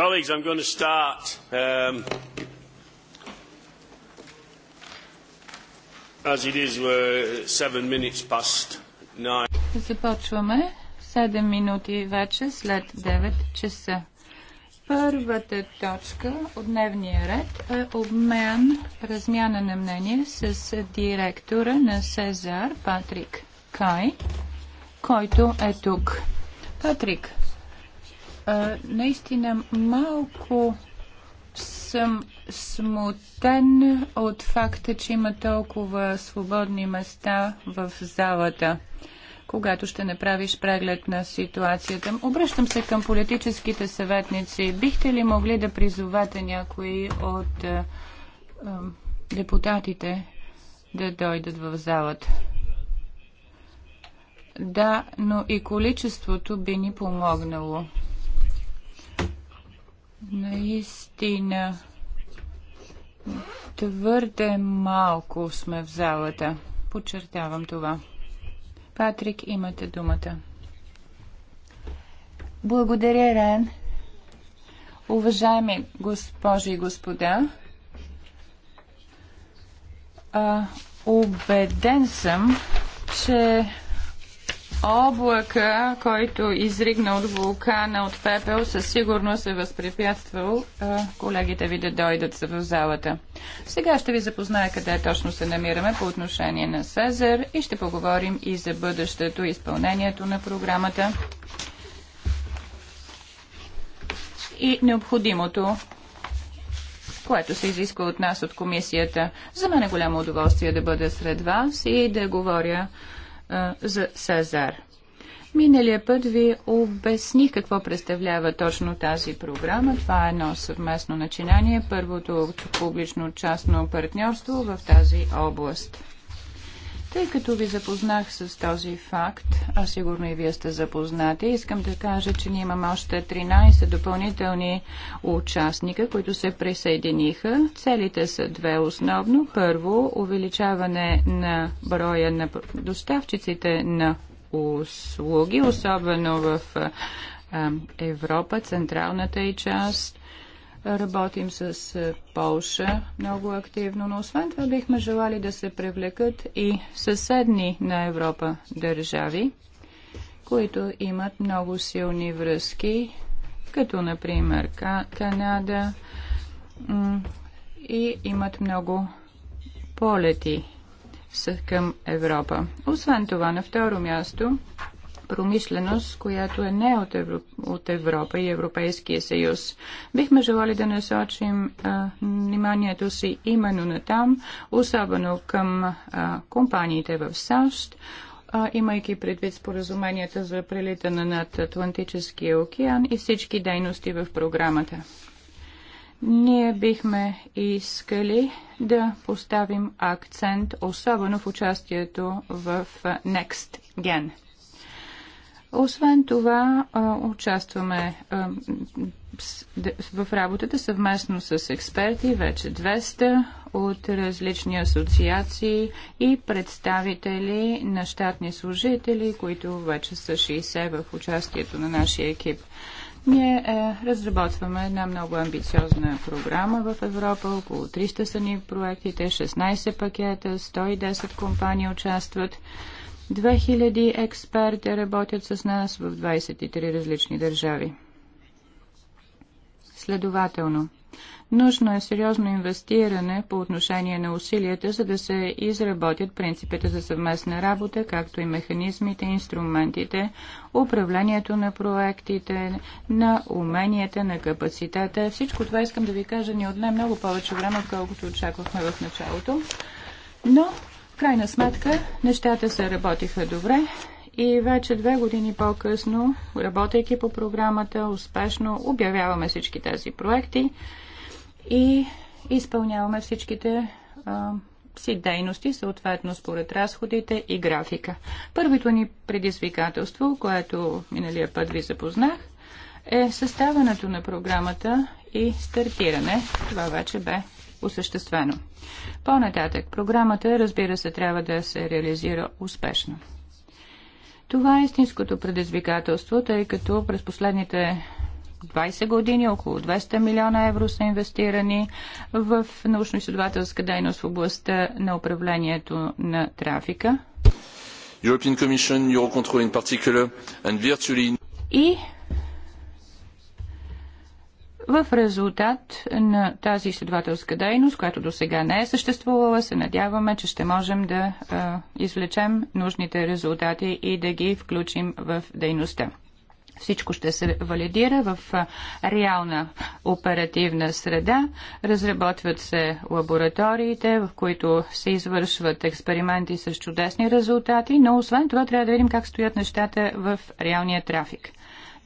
Colleagues, I'm going to start. Um, as it is, we're seven minutes past nine. Започваме 7 минути вече след 9 часа. Първата точка от дневния ред е обмен, размяна на мнение с директора на Сезар Патрик Кай, който е тук. Патрик, наистина малко съм смутен от факта, че има толкова свободни места в залата когато ще направиш преглед на ситуацията. Обръщам се към политическите съветници. Бихте ли могли да призовете някои от а, а, депутатите да дойдат в залата? Да, но и количеството би ни помогнало. Наистина, твърде малко сме в залата. Подчертавам това. Патрик, имате думата. Благодаря, Рен. Уважаеми госпожи и господа, а, убеден съм, че облака, който изригна от вулкана от пепел, със сигурност е възпрепятствал колегите ви да дойдат в залата. Сега ще ви запозная къде точно се намираме по отношение на Сезер и ще поговорим и за бъдещето изпълнението на програмата и необходимото което се изисква от нас от комисията. За мен е голямо удоволствие да бъда сред вас и да говоря за Сезар. Миналия път ви обясних какво представлява точно тази програма. Това е едно съвместно начинание, първото публично-частно партньорство в тази област. Тъй като ви запознах с този факт, а сигурно и вие сте запознати, искам да кажа, че ние имаме още 13 допълнителни участника, които се присъединиха. Целите са две основно. Първо, увеличаване на броя на доставчиците на услуги, особено в Европа, централната и част Работим с е, Полша много активно, но освен това бихме желали да се привлекат и съседни на Европа държави, които имат много силни връзки, като например Канада и имат много полети към Европа. Освен това, на второ място, промишленост, която е не от, Евро... от Европа и Европейския съюз. Бихме желали да насочим а, вниманието си именно на там, особено към а, компаниите в САЩ, а, имайки предвид споразуменията за прелитане над Атлантическия океан и всички дейности в програмата ние бихме искали да поставим акцент, особено в участието в Next Gen. Освен това, участваме в работата съвместно с експерти, вече 200 от различни асоциации и представители на щатни служители, които вече са 60 в участието на нашия екип. Ние е, разработваме една много амбициозна програма в Европа. Около 300 са ни проектите, 16 пакета, 110 компании участват. 2000 експерти работят с нас в 23 различни държави. Следователно, нужно е сериозно инвестиране по отношение на усилията, за да се изработят принципите за съвместна работа, както и механизмите, инструментите, управлението на проектите, на уменията, на капацитета. Всичко това искам да ви кажа ни отне много повече време, отколкото очаквахме в началото. Но крайна сметка нещата се работиха добре и вече две години по-късно, работейки по програмата, успешно обявяваме всички тези проекти и изпълняваме всичките а, си дейности, съответно според разходите и графика. Първото ни предизвикателство, което миналия път ви запознах, е съставането на програмата и стартиране. Това вече бе осъществено. По-нататък, програмата, разбира се, трябва да се реализира успешно. Това е истинското предизвикателство, тъй като през последните 20 години около 200 милиона евро са инвестирани в научно-изследователска дейност в областта на управлението на трафика. European Commission, Eurocontrol in particular, and virtually... И в резултат на тази изследователска дейност, която до сега не е съществувала, се надяваме, че ще можем да а, извлечем нужните резултати и да ги включим в дейността. Всичко ще се валидира в реална оперативна среда. Разработват се лабораториите, в които се извършват експерименти с чудесни резултати, но освен това трябва да видим как стоят нещата в реалния трафик.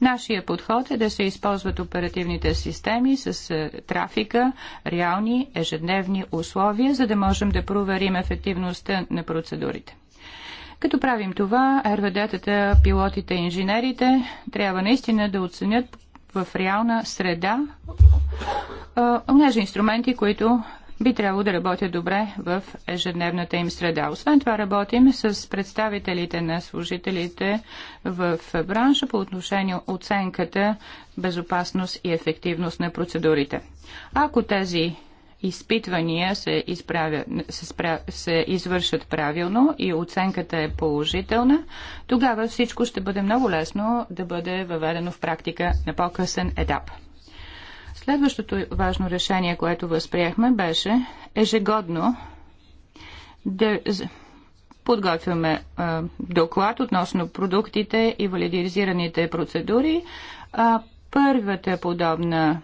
Нашия подход е да се използват оперативните системи с е, трафика, реални ежедневни условия, за да можем да проверим ефективността на процедурите. Като правим това, РВД-тата, пилотите и инженерите трябва наистина да оценят в реална среда е, онези инструменти, които би трябвало да работят добре в ежедневната им среда. Освен това работим с представителите на служителите в бранша по отношение оценката, безопасност и ефективност на процедурите. Ако тези изпитвания се, изправя, се, спра, се извършат правилно и оценката е положителна, тогава всичко ще бъде много лесно да бъде въведено в практика на по-късен етап. Следващото важно решение, което възприехме, беше ежегодно да подготвяме а, доклад относно продуктите и валидизираните процедури. А, първата подобна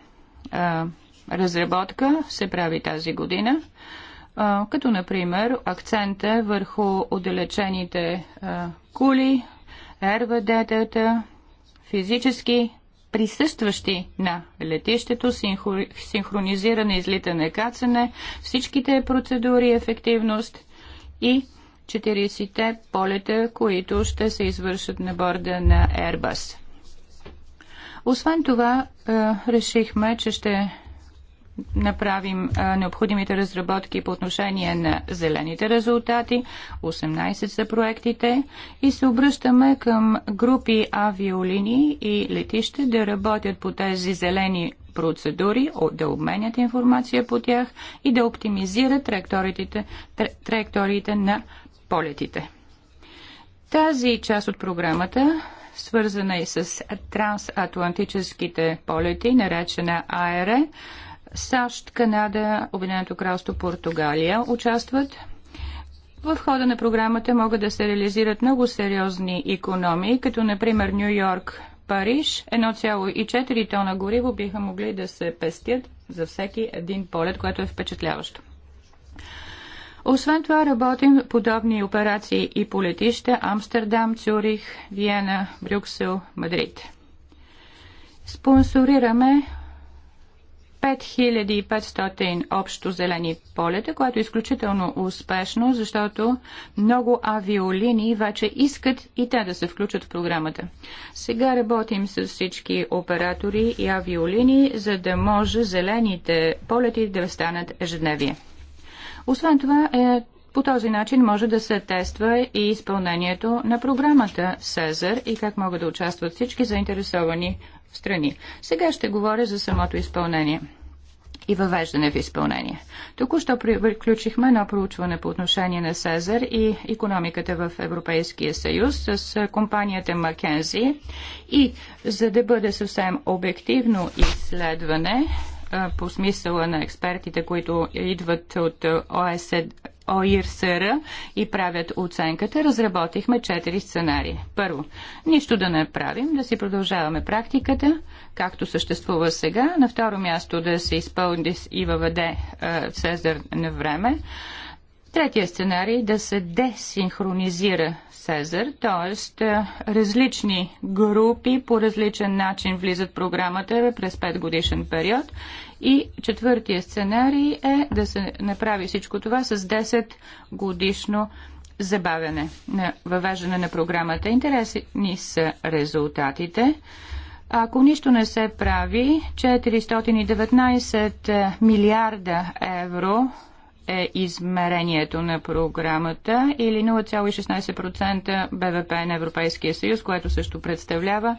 а, разработка се прави тази година, а, като например акцента върху отдалечените а, кули, РВД-тата, физически присъстващи на летището, синхронизиране, излитане, кацане, всичките процедури, ефективност и 40-те полета, които ще се извършат на борда на Airbus. Освен това, е, решихме, че ще направим необходимите разработки по отношение на зелените резултати. 18 са проектите и се обръщаме към групи авиолинии и летище да работят по тези зелени процедури, да обменят информация по тях и да оптимизират траекториите, траекториите на полетите. Тази част от програмата свързана и с трансатлантическите полети, наречена АЕРЕ, САЩ, Канада, Обединеното кралство, Португалия участват. В хода на програмата могат да се реализират много сериозни економии, като например Нью Йорк, Париж. 1,4 тона гориво биха могли да се пестят за всеки един полет, което е впечатляващо. Освен това работим подобни операции и по летища Амстердам, Цюрих, Виена, Брюксел, Мадрид. Спонсорираме 5500 общо зелени полета, което е изключително успешно, защото много авиолинии вече искат и те да се включат в програмата. Сега работим с всички оператори и авиолинии, за да може зелените полети да станат ежедневие. Освен това е по този начин може да се тества и изпълнението на програмата СЕЗАР и как могат да участват всички заинтересовани страни. Сега ще говоря за самото изпълнение и въвеждане в изпълнение. Току-що приключихме едно проучване по отношение на Сезар и економиката в Европейския съюз с компанията Макензи и за да бъде съвсем обективно изследване по смисъла на експертите, които идват от ОСД, ОИРСР и правят оценката, разработихме четири сценарии. Първо, нищо да не правим, да си продължаваме практиката, както съществува сега. На второ място да се изпълни и въведе Сезар е, на време. Третия сценарий да се десинхронизира Сезар, т.е. различни групи по различен начин влизат в програмата през 5 годишен период и четвъртия сценарий е да се направи всичко това с 10 годишно забавяне на въвеждане на програмата. Интересни са резултатите. Ако нищо не се прави, 419 милиарда евро е измерението на програмата или 0,16% БВП на Европейския съюз, което също представлява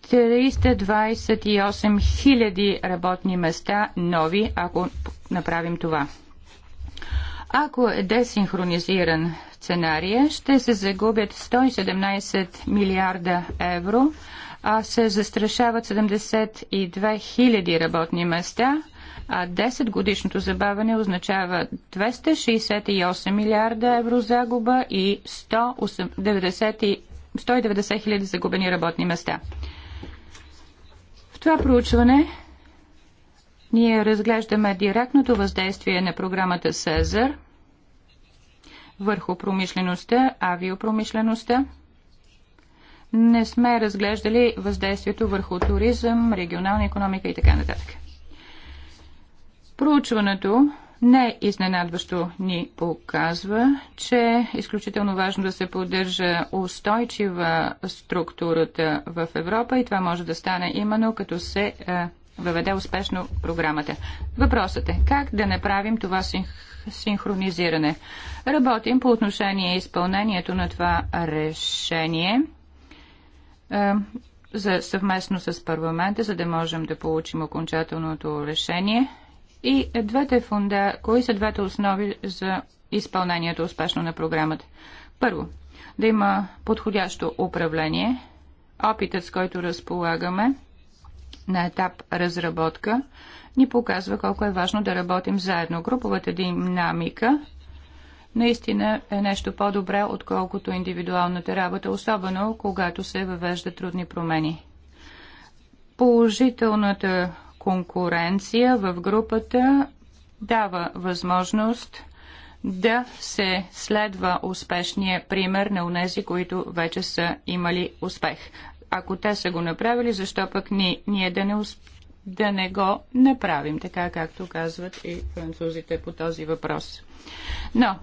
328 хиляди работни места нови, ако направим това. Ако е десинхронизиран сценария, ще се загубят 117 милиарда евро, а се застрашават 72 000 работни места, а 10 годишното забавяне означава 268 милиарда евро загуба и 198 190 хиляди загубени работни места. В това проучване ние разглеждаме директното въздействие на програмата СЕЗАР върху промишлеността, авиопромишлеността. Не сме разглеждали въздействието върху туризъм, регионална економика и така нататък. Проучването не изненадващо ни показва, че е изключително важно да се поддържа устойчива структурата в Европа и това може да стане именно като се е, въведе успешно програмата. Въпросът е как да направим това синхронизиране. Работим по отношение изпълнението на това решение е, за съвместно с парламента, за да можем да получим окончателното решение и двете фонда, кои са двете основи за изпълнението успешно на програмата? Първо, да има подходящо управление, опитът с който разполагаме на етап разработка, ни показва колко е важно да работим заедно. Груповата динамика наистина е нещо по-добре, отколкото индивидуалната работа, особено когато се въвежда трудни промени. Положителната конкуренция в групата дава възможност да се следва успешния пример на унези, които вече са имали успех. Ако те са го направили, защо пък ни, ние да не, усп... да не го направим, така както казват и французите по този въпрос. Но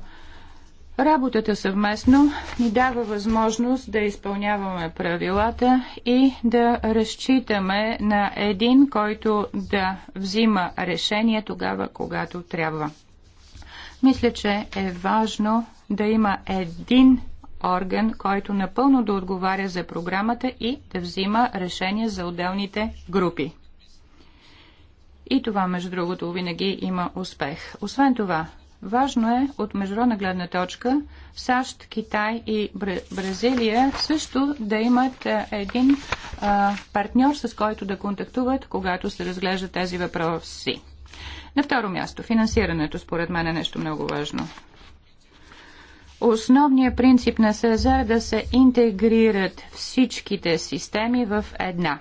Работата съвместно ни дава възможност да изпълняваме правилата и да разчитаме на един, който да взима решение тогава, когато трябва. Мисля, че е важно да има един орган, който напълно да отговаря за програмата и да взима решение за отделните групи. И това, между другото, винаги има успех. Освен това, Важно е от международна гледна точка САЩ, Китай и Бразилия също да имат е, един а, е, партньор, с който да контактуват, когато се разглеждат тези въпроси. На второ място, финансирането според мен е нещо много важно. Основният принцип на СЕЗА е да се интегрират всичките системи в една.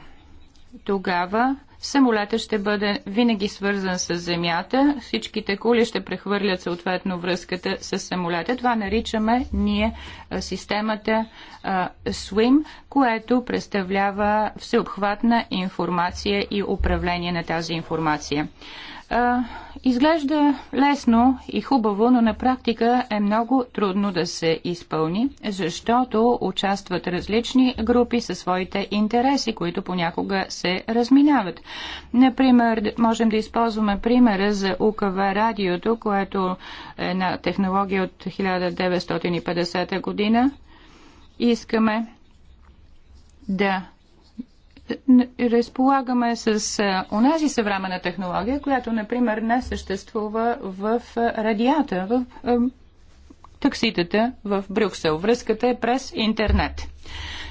Тогава Самолета ще бъде винаги свързан с земята, всичките кули ще прехвърлят съответно връзката с самолета. Това наричаме ние системата SWIM, което представлява всеобхватна информация и управление на тази информация. А, изглежда лесно и хубаво, но на практика е много трудно да се изпълни, защото участват различни групи със своите интереси, които понякога се разминават. Например, можем да използваме примера за УКВ радиото, което е на технология от 1950 година. Искаме да разполагаме с онази съвременна технология, която, например, не съществува в радията, в такситата в Брюксел. Връзката е през интернет.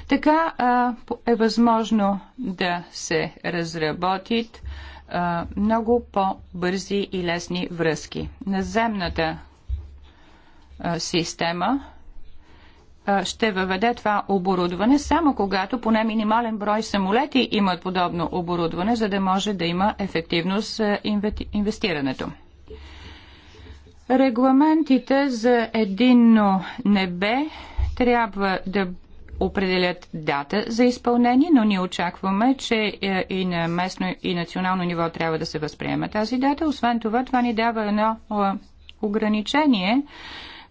Така а, е възможно да се разработят а, много по-бързи и лесни връзки. Наземната а, система ще въведе това оборудване, само когато поне минимален брой самолети имат подобно оборудване, за да може да има ефективност инвестирането. Регламентите за единно небе трябва да определят дата за изпълнение, но ние очакваме, че е, и на местно и национално ниво трябва да се възприема тази дата. Освен това, това ни дава едно ограничение,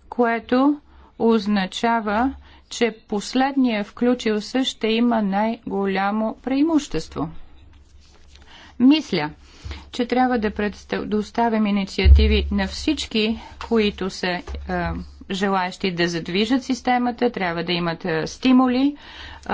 което означава, че последният включил се ще има най-голямо преимущество. Мисля, че трябва да предоставим инициативи на всички, които са е, желаящи да задвижат системата, трябва да имат е, стимули. Е,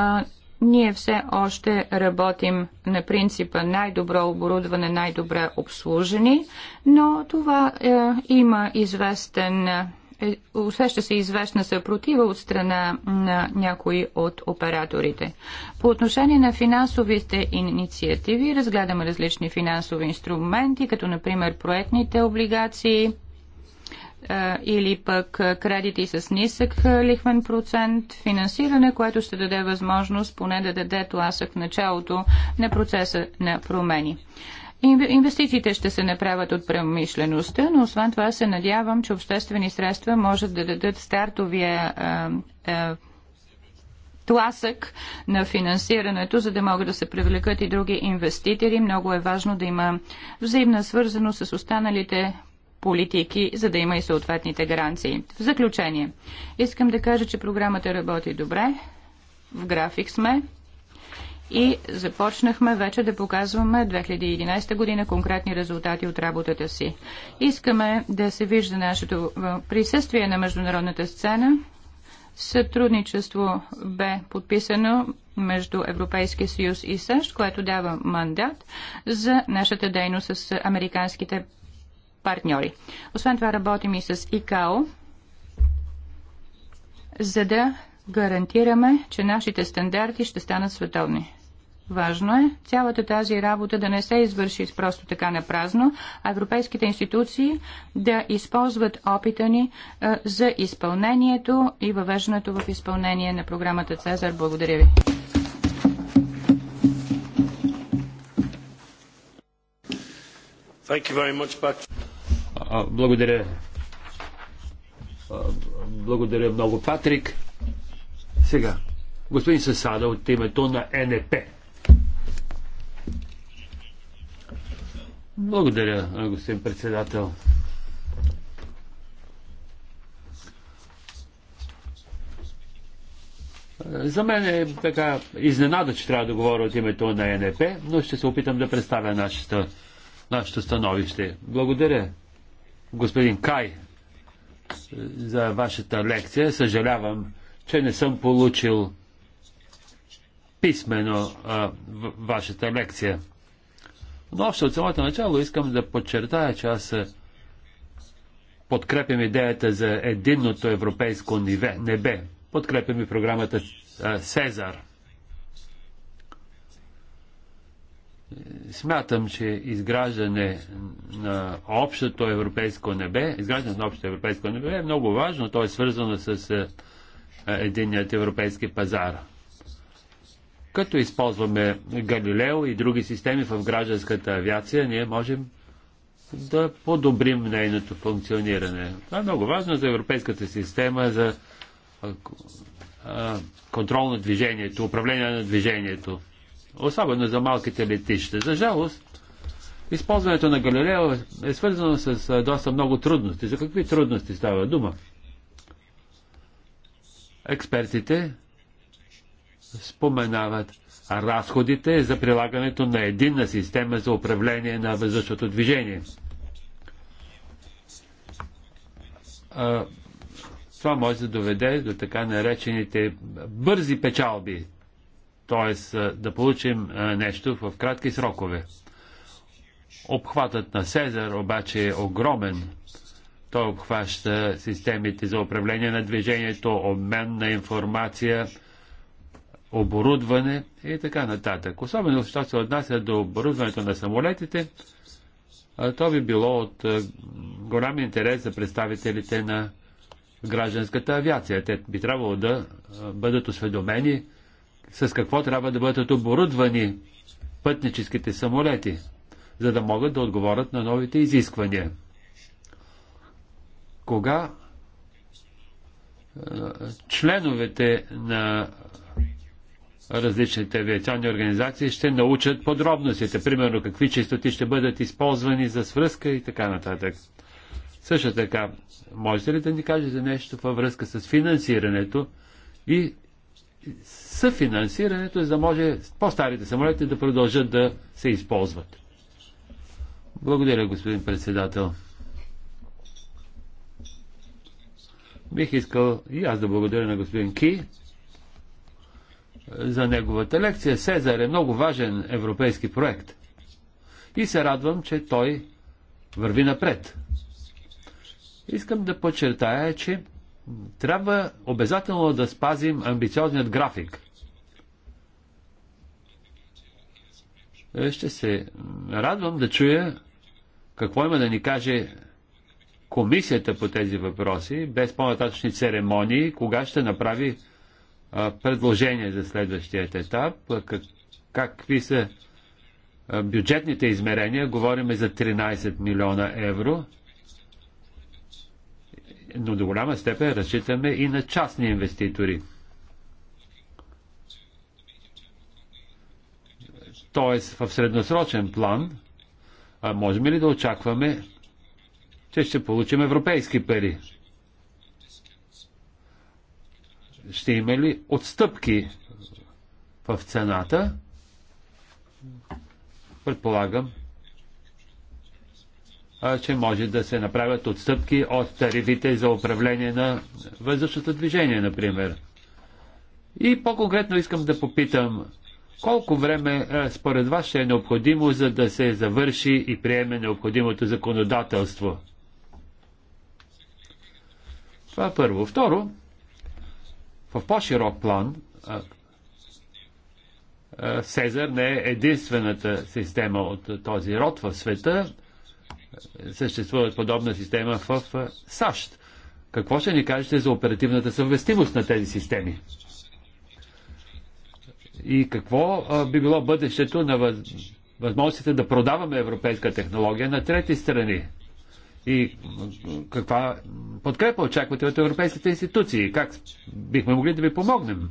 ние все още работим на принципа най-добро оборудване, най-добре обслужени, но това е, има известен. Е, е, усеща се известна съпротива от страна на някои от операторите. По отношение на финансовите инициативи, разгледаме различни финансови инструменти, като например проектните облигации е, или пък кредити с нисък лихвен процент, финансиране, което ще даде възможност поне да даде тласък в началото на процеса на промени. Инвестициите ще се направят от премишлеността, но освен това се надявам, че обществени средства може да дадат стартовия а, а, тласък на финансирането, за да могат да се привлекат и други инвеститори. Много е важно да има взаимна свързаност с останалите политики, за да има и съответните гаранции. В заключение, искам да кажа, че програмата работи добре. В график сме и започнахме вече да показваме 2011 година конкретни резултати от работата си. Искаме да се вижда нашето присъствие на международната сцена. Сътрудничество бе подписано между Европейския съюз и САЩ, което дава мандат за нашата дейност с американските партньори. Освен това работим и с ИКАО, за да гарантираме, че нашите стандарти ще станат световни. Важно е цялата тази работа да не се извърши просто така на празно, а европейските институции да използват опита ни за изпълнението и въвеждането в изпълнение на програмата Цезар. Благодаря ви. Благодаря. Благодаря много, Патрик. Сега, господин Сесада от името на НП. Благодаря, господин председател. За мен е така изненада, че трябва да говоря от името на НП, но ще се опитам да представя нашата, нашето становище. Благодаря, господин Кай, за вашата лекция. Съжалявам, че не съм получил писмено а, вашата лекция. Но още от самото начало искам да подчертая, че аз подкрепям идеята за единното европейско ниве, небе. Подкрепям и програмата а, Сезар. Смятам, че изграждане на общото европейско небе, изграждане на общото европейско небе е много важно. То е свързано с е, единият европейски пазар. Като използваме Галилео и други системи в гражданската авиация, ние можем да подобрим нейното функциониране. Това е много важно за европейската система, за контрол на движението, управление на движението. Особено за малките летища. За жалост, използването на Галилео е свързано с доста много трудности. За какви трудности става дума? Експертите споменават разходите за прилагането на единна система за управление на въздушното движение. Това може да доведе до така наречените бързи печалби, т.е. да получим нещо в кратки срокове. Обхватът на Сезар обаче е огромен той обхваща системите за управление на движението, обмен на информация, оборудване и така нататък. Особено, що се отнася до оборудването на самолетите, то би било от голям интерес за представителите на гражданската авиация. Те би трябвало да бъдат осведомени с какво трябва да бъдат оборудвани пътническите самолети, за да могат да отговорят на новите изисквания кога членовете на различните авиационни организации ще научат подробностите, примерно какви чистоти ще бъдат използвани за свръзка и така нататък. Също така, можете ли да ни кажете нещо във връзка с финансирането и съфинансирането, за да може по-старите самолети да продължат да се използват? Благодаря, господин председател. Бих искал и аз да благодаря на господин Ки за неговата лекция. Сезар е много важен европейски проект. И се радвам, че той върви напред. Искам да подчертая, че трябва обязателно да спазим амбициозният график. Ще се радвам да чуя какво има да ни каже комисията по тези въпроси, без по-нататъчни церемонии, кога ще направи предложение за следващият етап, как, какви са бюджетните измерения, говорим за 13 милиона евро, но до голяма степен разчитаме и на частни инвеститори. Тоест, в средносрочен план, можем ли да очакваме че ще получим европейски пари. Ще има ли отстъпки в цената? Предполагам, че може да се направят отстъпки от тарифите за управление на въздушното движение, например. И по-конкретно искам да попитам, колко време според вас ще е необходимо, за да се завърши и приеме необходимото законодателство? Това е първо. Второ, в по-широк план, Сезар не е единствената система от този род в света. Съществува подобна система в САЩ. Какво ще ни кажете за оперативната съвместимост на тези системи? И какво би било бъдещето на възможностите да продаваме европейска технология на трети страни? И каква подкрепа очаквате от европейските институции? Как бихме могли да ви помогнем?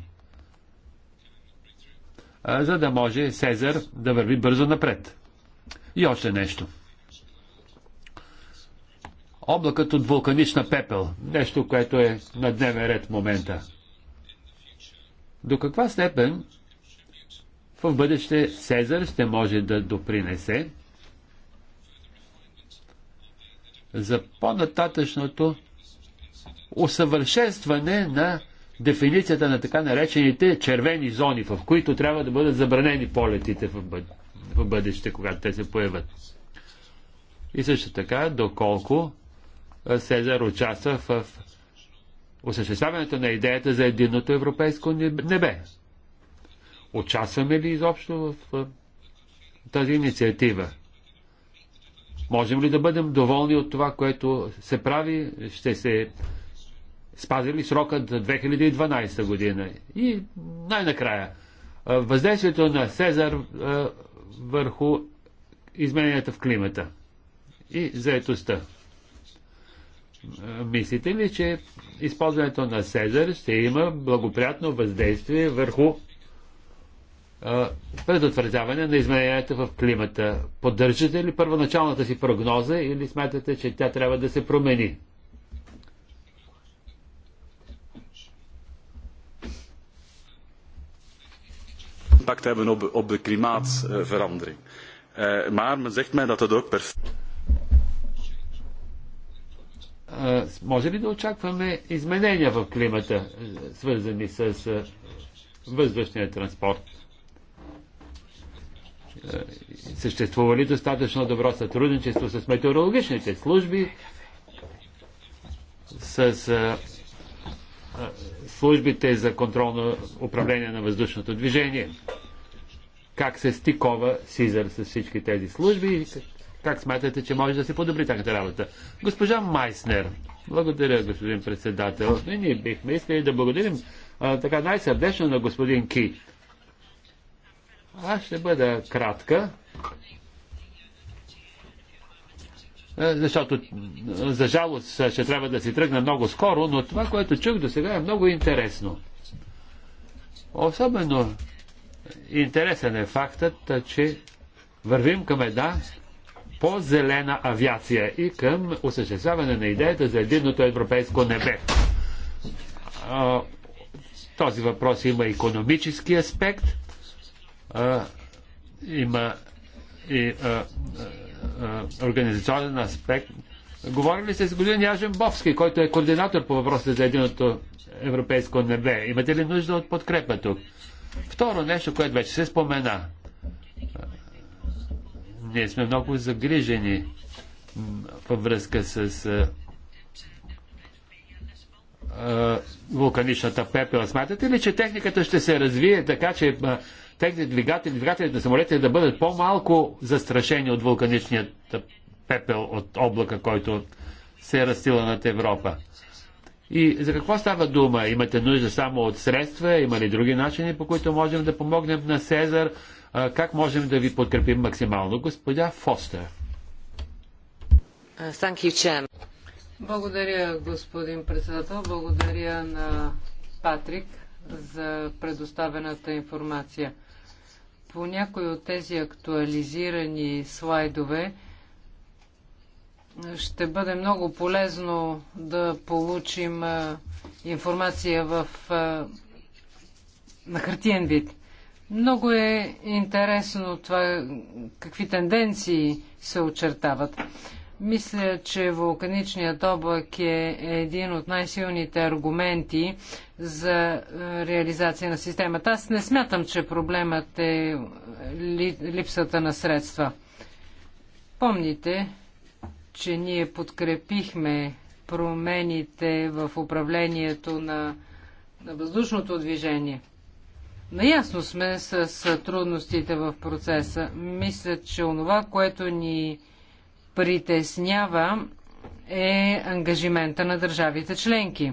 За да може Сезар да върви бързо напред. И още нещо. Облакът от вулканична пепел. Нещо, което е на дневен ред в момента. До каква степен в бъдеще Сезар ще може да допринесе за по-нататъчното усъвършенстване на дефиницията на така наречените червени зони, в които трябва да бъдат забранени полетите в, бъд... в бъдеще, когато те се появят. И също така, доколко Сезар участва в осъществяването на идеята за единното европейско небе. Участваме ли изобщо в тази инициатива? Можем ли да бъдем доволни от това, което се прави? Ще се спази ли срокът за 2012 година? И най-накрая, въздействието на Сезар върху измененията в климата и заетостта. Мислите ли, че използването на Сезар ще има благоприятно въздействие върху предотвратяване на измененията в климата. Поддържате ли първоначалната си прогноза или смятате, че тя трябва да се промени? impact hebben op, op de klimaatverandering. Uh, maar men zegt mij dat ook perfect. Eh, може ли да очакваме изменения в климата, свързани с е, въздушния транспорт? Е, съществува ли достатъчно добро сътрудничество с метеорологичните служби, с е, е, службите за контролно управление на въздушното движение. Как се стикова Сизър с всички тези служби и как смятате, че може да се подобри тяхната работа? Госпожа Майснер, благодаря, господин председател. И ние бихме искали да благодарим а, така най-сърдечно на господин Ки аз ще бъда кратка, е, защото е, за жалост е, ще трябва да си тръгна много скоро, но това, което чух до сега е много интересно. Особено интересен е фактът, че вървим към една по-зелена авиация и към осъществяване на идеята за единното европейско небе. Този въпрос има економически аспект – а, има и а, а, организационен аспект. Говорили сте с господин Яжен Бовски, който е координатор по въпросите за единото европейско небе. Имате ли нужда от подкрепа тук? Второ нещо, което вече се спомена. Ние сме много загрижени във връзка с вулканичната пепела. Смятате ли, че техниката ще се развие така, че техните двигатели, двигателите на самолетите да бъдат по-малко застрашени от вулканичният пепел от облака, който се е растила над Европа. И за какво става дума? Имате нужда само от средства? Има ли други начини, по които можем да помогнем на Сезар? Как можем да ви подкрепим максимално? Господя Фостер. Благодаря, господин председател. Благодаря на Патрик за предоставената информация по някои от тези актуализирани слайдове ще бъде много полезно да получим информация в, на хартиен вид. Много е интересно това, какви тенденции се очертават. Мисля, че вулканичният облак е един от най-силните аргументи за е, реализация на системата. Аз не смятам, че проблемът е липсата на средства. Помните, че ние подкрепихме промените в управлението на, на въздушното движение. Наясно сме с трудностите в процеса. Мисля, че онова, което ни притеснява е ангажимента на държавите членки.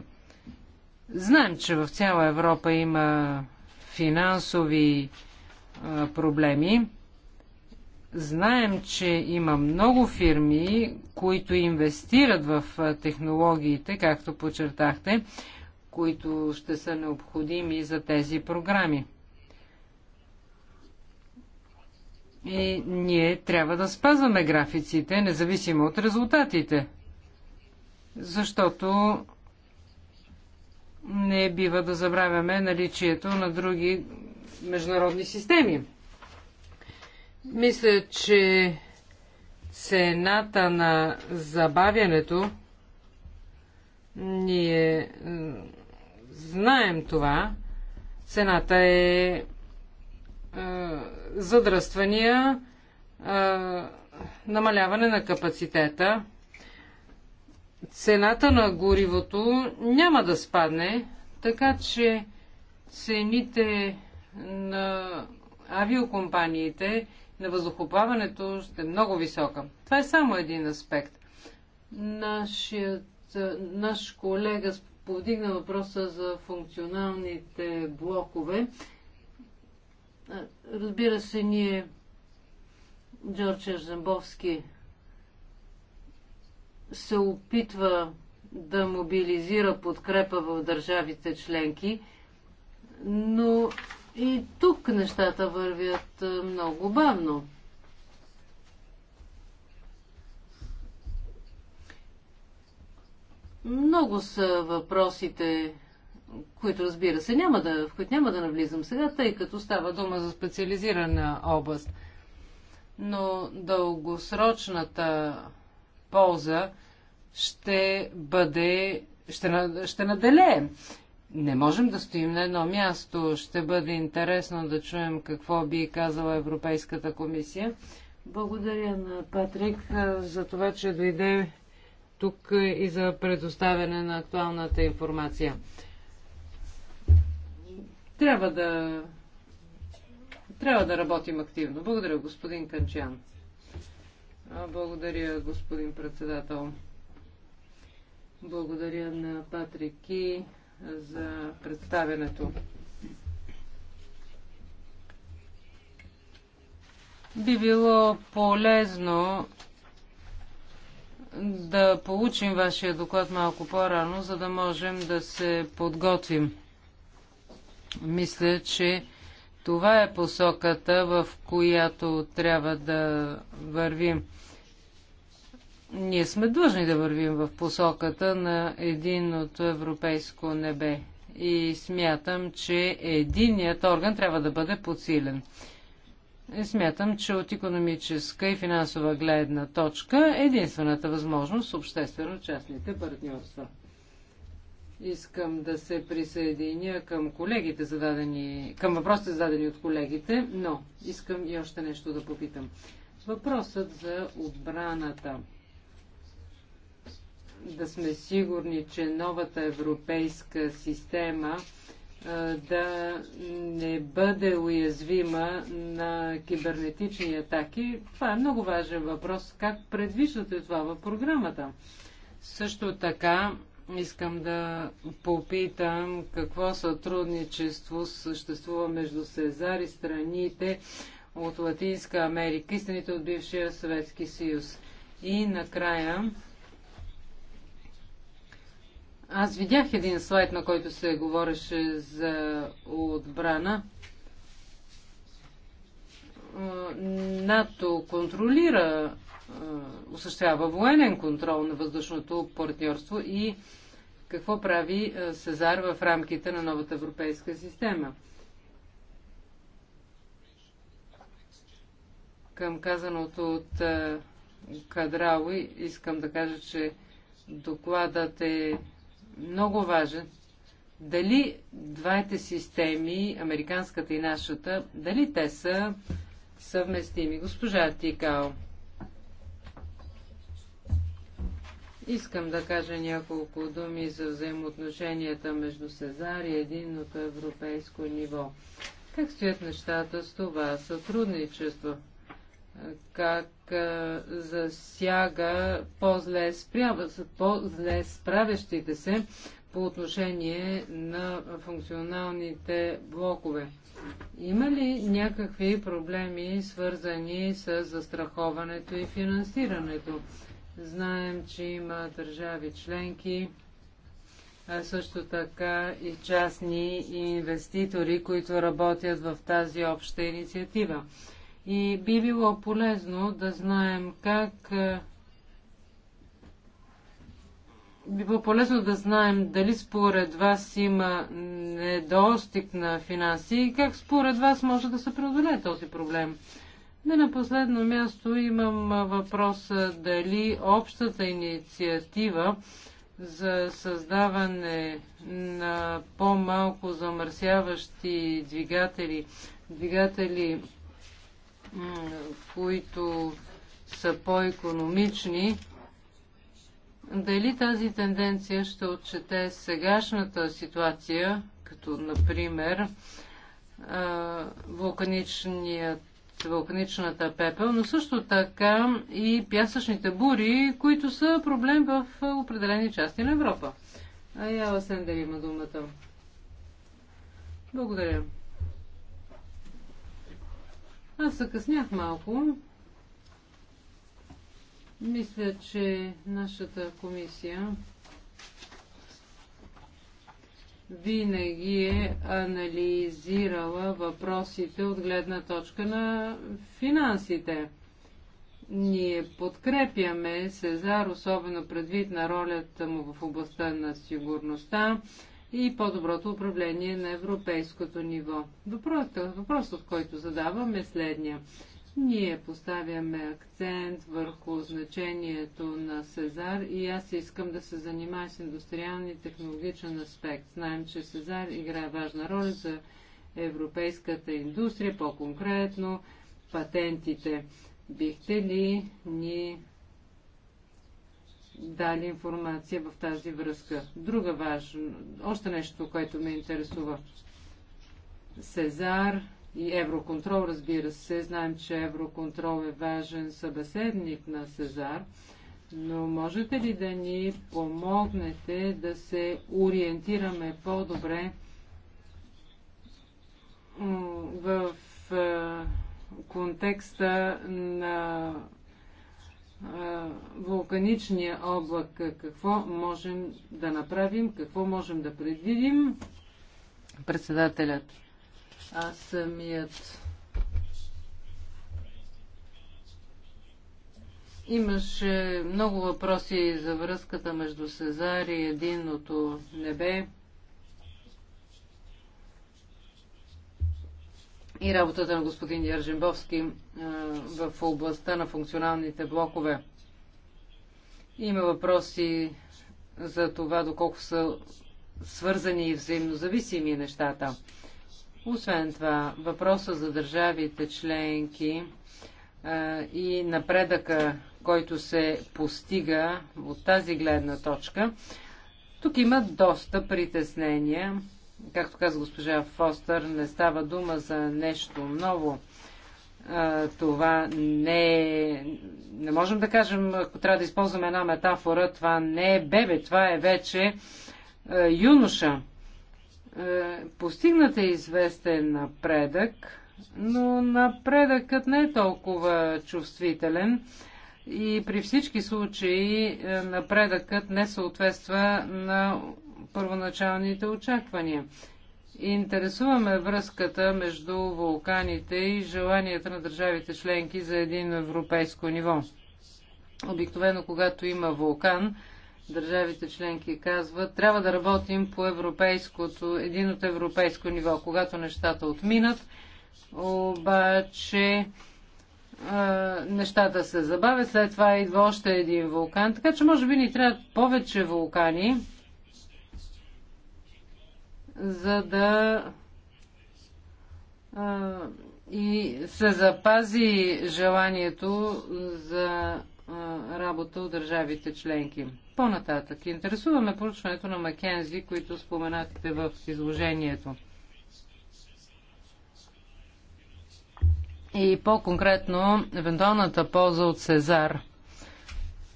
Знаем, че в цяла Европа има финансови проблеми. Знаем, че има много фирми, които инвестират в технологиите, както подчертахте, които ще са необходими за тези програми. И ние трябва да спазваме графиците, независимо от резултатите. Защото не бива да забравяме наличието на други международни системи. Мисля, че цената на забавянето ние знаем това. Цената е задръствания, намаляване на капацитета. Цената на горивото няма да спадне, така че цените на авиокомпаниите на въздухоплаването ще е много висока. Това е само един аспект. Нашият, наш колега повдигна въпроса за функционалните блокове Разбира се, ние, Джордж Ерзембовски, се опитва да мобилизира подкрепа в държавите членки, но и тук нещата вървят много бавно. Много са въпросите, които разбира се няма да, в които няма да навлизам сега, тъй като става дума за специализирана област. Но дългосрочната полза ще бъде, ще, ще наделее. Не можем да стоим на едно място. Ще бъде интересно да чуем какво би казала Европейската комисия. Благодаря на Патрик за това, че дойде тук и за предоставяне на актуалната информация. Трябва да, трябва да работим активно. Благодаря, господин Канчан. Благодаря, господин председател. Благодаря на Патрики за представянето. Би било полезно да получим вашия доклад малко по-рано, за да можем да се подготвим. Мисля, че това е посоката, в която трябва да вървим. Ние сме длъжни да вървим в посоката на единното европейско небе. И смятам, че единият орган трябва да бъде подсилен. И смятам, че от економическа и финансова гледна точка единствената възможност обществено-частните партньорства. Искам да се присъединя към колегите зададени, към въпросите зададени от колегите, но искам и още нещо да попитам. Въпросът за отбраната. Да сме сигурни, че новата европейска система да не бъде уязвима на кибернетични атаки. Това е много важен въпрос. Как предвиждате това в програмата? Също така Искам да попитам какво сътрудничество съществува между Сезар и страните от Латинска Америка и страните от бившия Съветски съюз. И накрая аз видях един слайд, на който се говореше за отбрана. НАТО контролира, осъществява военен контрол на въздушното партньорство и какво прави е, Сезар в рамките на новата европейска система. Към казаното от е, Кадрауи искам да кажа, че докладът е много важен. Дали двете системи, американската и нашата, дали те са съвместими? Госпожа Тикао. Искам да кажа няколко думи за взаимоотношенията между Сезар и единното европейско ниво. Как стоят нещата с това сътрудничество? Как засяга по-зле, по-зле справящите се по отношение на функционалните блокове? Има ли някакви проблеми, свързани с застраховането и финансирането? Знаем, че има държави членки, а също така и частни инвеститори, които работят в тази обща инициатива. И би било полезно да знаем как би било полезно да знаем дали според вас има недостиг на финанси и как според вас може да се преодолее този проблем. Не на последно място имам въпроса дали общата инициатива за създаване на по-малко замърсяващи двигатели, двигатели, които са по-економични, дали тази тенденция ще отчете сегашната ситуация, като например вулканичният вулканичната пепел, но също така и пясъчните бури, които са проблем в определени части на Европа. А Яла Сендер има думата. Благодаря. Аз съкъснях малко. Мисля, че нашата комисия винаги е анализирала въпросите от гледна точка на финансите. Ние подкрепяме Сезар, особено предвид на ролята му в областта на сигурността и по-доброто управление на европейското ниво. Въпросът, въпросът който задавам е следния. Ние поставяме акцент върху значението на Сезар и аз искам да се занимая с индустриалния и технологичен аспект. Знаем, че Сезар играе важна роля за европейската индустрия, по-конкретно патентите. Бихте ли ни дали информация в тази връзка? Друга важна, още нещо, което ме интересува. Сезар и Евроконтрол, разбира се. Знаем, че Евроконтрол е важен събеседник на Сезар, но можете ли да ни помогнете да се ориентираме по-добре в контекста на вулканичния облак, какво можем да направим, какво можем да предвидим. Председателят аз самият Имаше много въпроси за връзката между Сезар и единното небе и работата на господин Яржембовски в областта на функционалните блокове. Има въпроси за това доколко са свързани и взаимнозависими нещата. Освен това, въпроса за държавите членки а, и напредъка, който се постига от тази гледна точка, тук има доста притеснения. Както каза госпожа Фостър, не става дума за нещо ново. А, това не е... Не можем да кажем, ако трябва да използваме една метафора, това не е бебе, това е вече а, юноша е, постигнат е известен напредък, но напредъкът не е толкова чувствителен и при всички случаи е, напредъкът не съответства на първоначалните очаквания. Интересуваме връзката между вулканите и желанията на държавите членки за един европейско ниво. Обикновено, когато има вулкан, държавите членки казват, трябва да работим по европейското, един от европейско ниво, когато нещата отминат, обаче нещата се забавят, след това идва още един вулкан, така че може би ни трябват повече вулкани, за да а, и се запази желанието за работа от държавите членки. По-нататък, интересуваме проучването на Макензи, които споменахте в изложението. И по-конкретно, евентуалната полза от Сезар.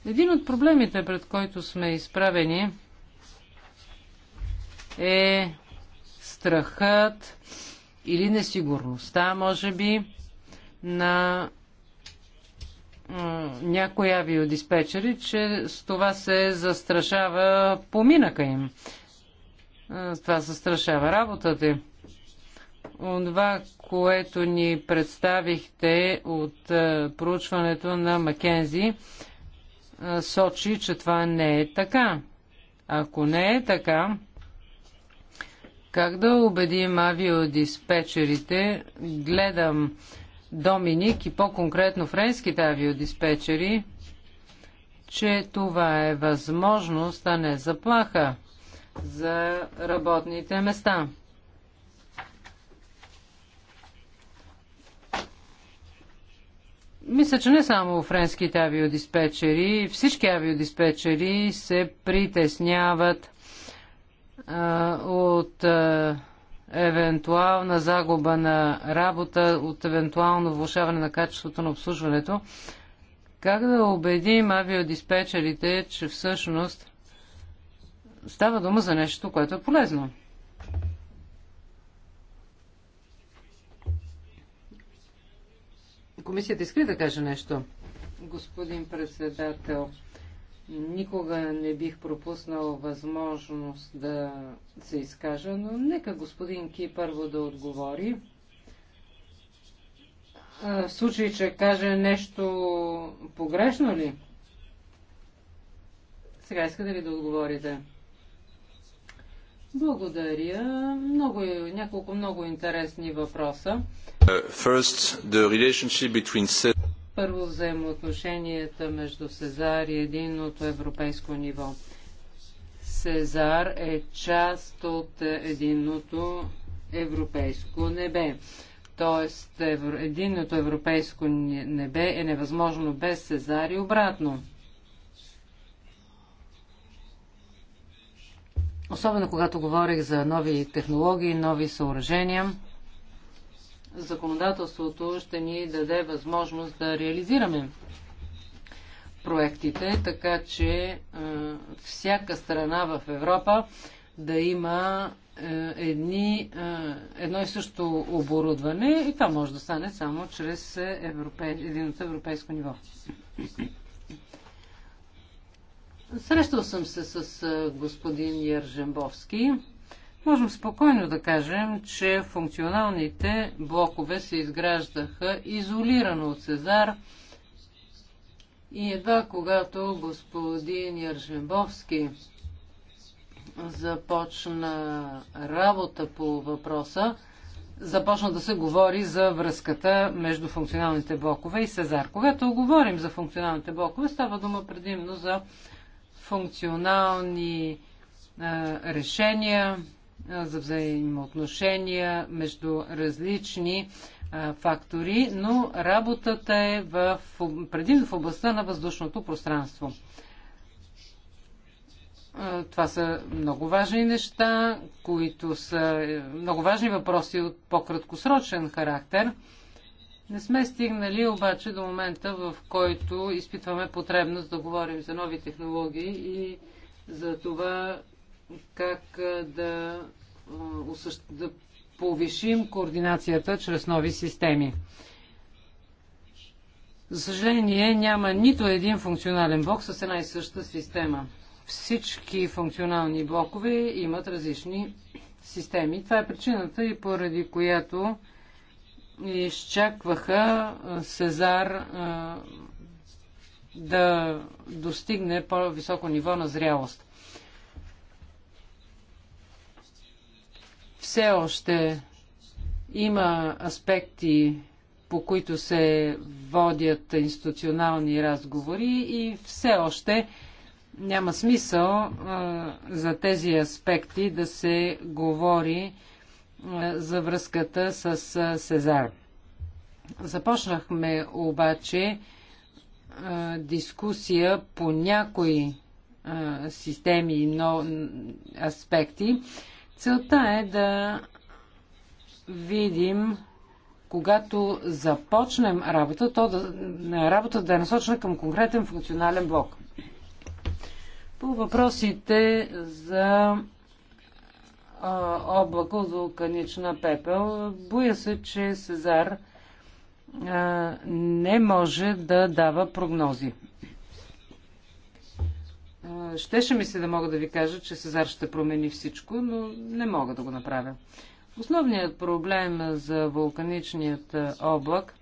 Един от проблемите, пред който сме изправени, е страхът или несигурността, може би, на някои авиодиспетчери, че с това се застрашава поминъка им. Това застрашава работата им. Това, което ни представихте от е, проучването на Макензи, е, сочи, че това не е така. Ако не е така, как да убедим авиодиспетчерите, гледам Доминик и по-конкретно френските авиодиспетчери, че това е възможност, а не заплаха за работните места. Мисля, че не само френските авиодиспетчери, всички авиодиспетчери се притесняват а, от а, евентуална загуба на работа, от евентуално влушаване на качеството на обслужването. Как да убедим авиодиспетчерите, че всъщност става дума за нещо, което е полезно? Комисията иска да каже нещо. Господин председател, Никога не бих пропуснал възможност да се изкажа, но нека господин Ки първо да отговори. В случай, че каже нещо погрешно ли? Сега искате ли да отговорите? Благодаря. Много, е, няколко много интересни въпроса. Uh, first, the relationship between първо взаимоотношенията между Сезар и единното европейско ниво. Сезар е част от единното европейско небе. Тоест, евро... единното европейско небе е невъзможно без Сезар и обратно. Особено когато говорих за нови технологии, нови съоръжения законодателството ще ни даде възможност да реализираме проектите, така че е, всяка страна в Европа да има е, едни, е, едно и също оборудване и това може да стане само чрез европе... от европейско ниво. Срещал съм се с е, господин Ержембовски. Можем спокойно да кажем, че функционалните блокове се изграждаха изолирано от Сезар и едва когато господин Яржембовски започна работа по въпроса, започна да се говори за връзката между функционалните блокове и Сезар. Когато говорим за функционалните блокове, става дума предимно за функционални е, решения, за взаимоотношения между различни фактори, но работата е в, предимно в областта на въздушното пространство. Това са много важни неща, които са е, много важни въпроси от по-краткосрочен характер. Не сме стигнали обаче до момента, в който изпитваме потребност да говорим за нови технологии и за това как да, да повишим координацията чрез нови системи. За съжаление, няма нито един функционален блок с една и съща система. Всички функционални блокове имат различни системи. Това е причината и поради която изчакваха Сезар да достигне по-високо ниво на зрялост. Все още има аспекти, по които се водят институционални разговори и все още няма смисъл а, за тези аспекти да се говори а, за връзката с а, Сезар. Започнахме обаче а, дискусия по някои а, системи и но, аспекти, Целта е да видим, когато започнем работа, то да, работа да е насочена към конкретен функционален блок. По въпросите за а, облако от вулканична пепел, боя се, че Сезар а, не може да дава прогнози. Щеше ми се да мога да ви кажа, че Сезар ще промени всичко, но не мога да го направя. Основният проблем за вулканичният облак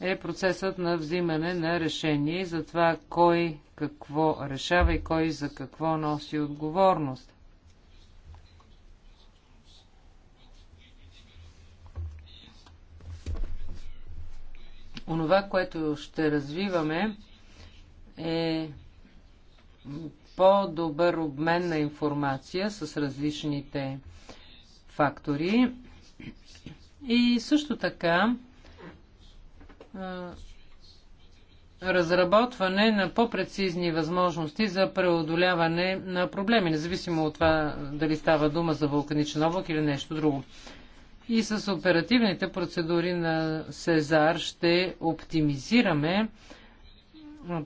е процесът на взимане на решение за това кой какво решава и кой за какво носи отговорност. Онова, което ще развиваме е по-добър обмен на информация с различните фактори и също така разработване на по-прецизни възможности за преодоляване на проблеми, независимо от това дали става дума за вулканичен облак или нещо друго. И с оперативните процедури на Сезар ще оптимизираме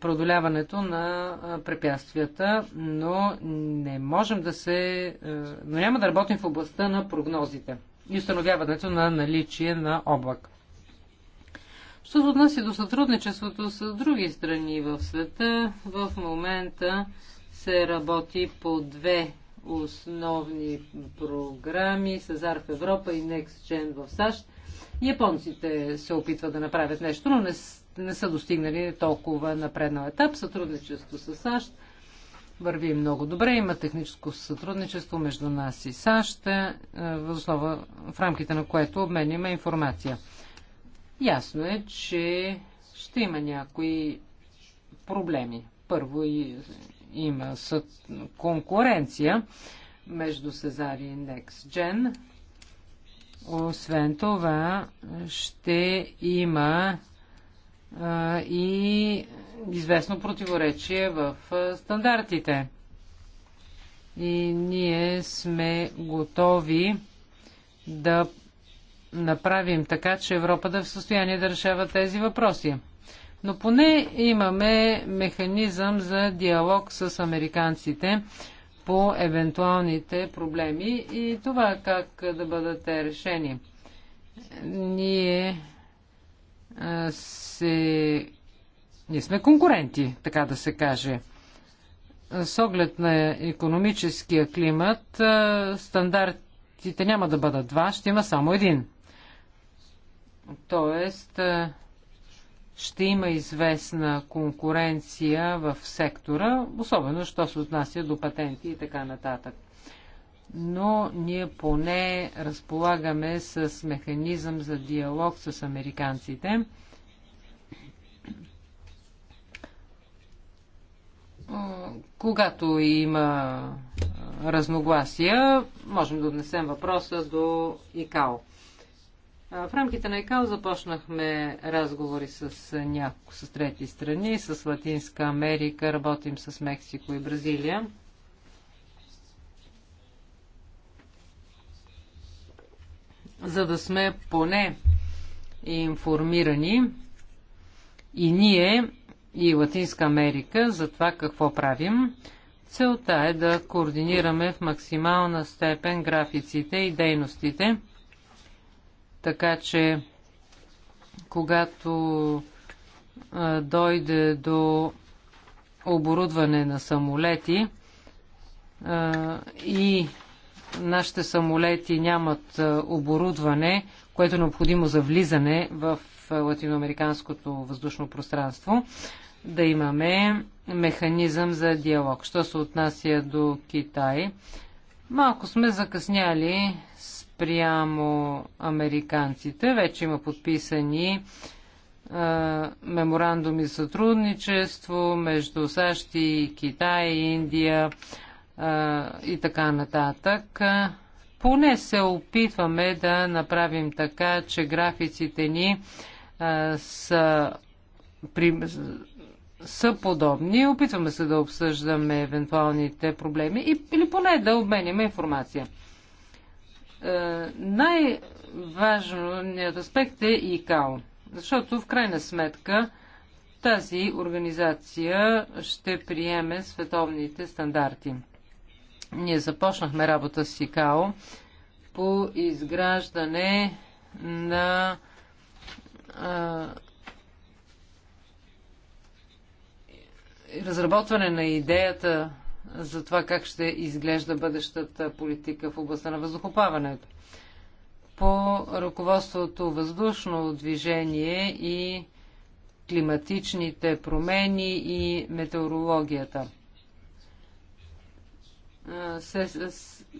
преодоляването на препятствията, но не можем да се... но няма да работим в областта на прогнозите и установяването на наличие на облак. Що се отнася до сътрудничеството с други страни в света, в момента се работи по две основни програми Сезар в Европа и NextGen в САЩ. Японците се опитват да направят нещо, но не не са достигнали толкова напреднал етап. Сътрудничество с САЩ върви много добре. Има техническо сътрудничество между нас и САЩ, е, основа в рамките на което обменяме информация. Ясно е, че ще има някои проблеми. Първо и, има съд, конкуренция между Сезар и NextGen. Освен това ще има и известно противоречие в стандартите. И ние сме готови да направим така, че Европа да е в състояние да решава тези въпроси. Но поне имаме механизъм за диалог с американците по евентуалните проблеми и това как да бъдат те решени. Ние се... Ние сме конкуренти, така да се каже. С оглед на економическия климат, стандартите няма да бъдат два, ще има само един. Тоест, ще има известна конкуренция в сектора, особено що се отнася до патенти и така нататък но ние поне разполагаме с механизъм за диалог с американците. Когато има разногласия, можем да внесем въпроса до ИКАО. В рамките на ИКАО започнахме разговори с някои с трети страни, с Латинска Америка, работим с Мексико и Бразилия. за да сме поне информирани и ние, и Латинска Америка за това какво правим. Целта е да координираме в максимална степен графиците и дейностите, така че когато а, дойде до оборудване на самолети а, и нашите самолети нямат е, оборудване, което е необходимо за влизане в е, латиноамериканското въздушно пространство, да имаме механизъм за диалог. Що се отнася до Китай, малко сме закъсняли спрямо американците. Вече има подписани е, меморандуми за сътрудничество между САЩ и Китай, Индия, и така нататък. Поне се опитваме да направим така, че графиците ни са, при, са подобни. Опитваме се да обсъждаме евентуалните проблеми и, или поне да обменяме информация. Най-важният аспект е ИКАО, защото в крайна сметка тази организация ще приеме световните стандарти. Ние започнахме работа с ИКАО по изграждане на а, разработване на идеята за това как ще изглежда бъдещата политика в областта на въздухоплаването. По ръководството въздушно движение и климатичните промени и метеорологията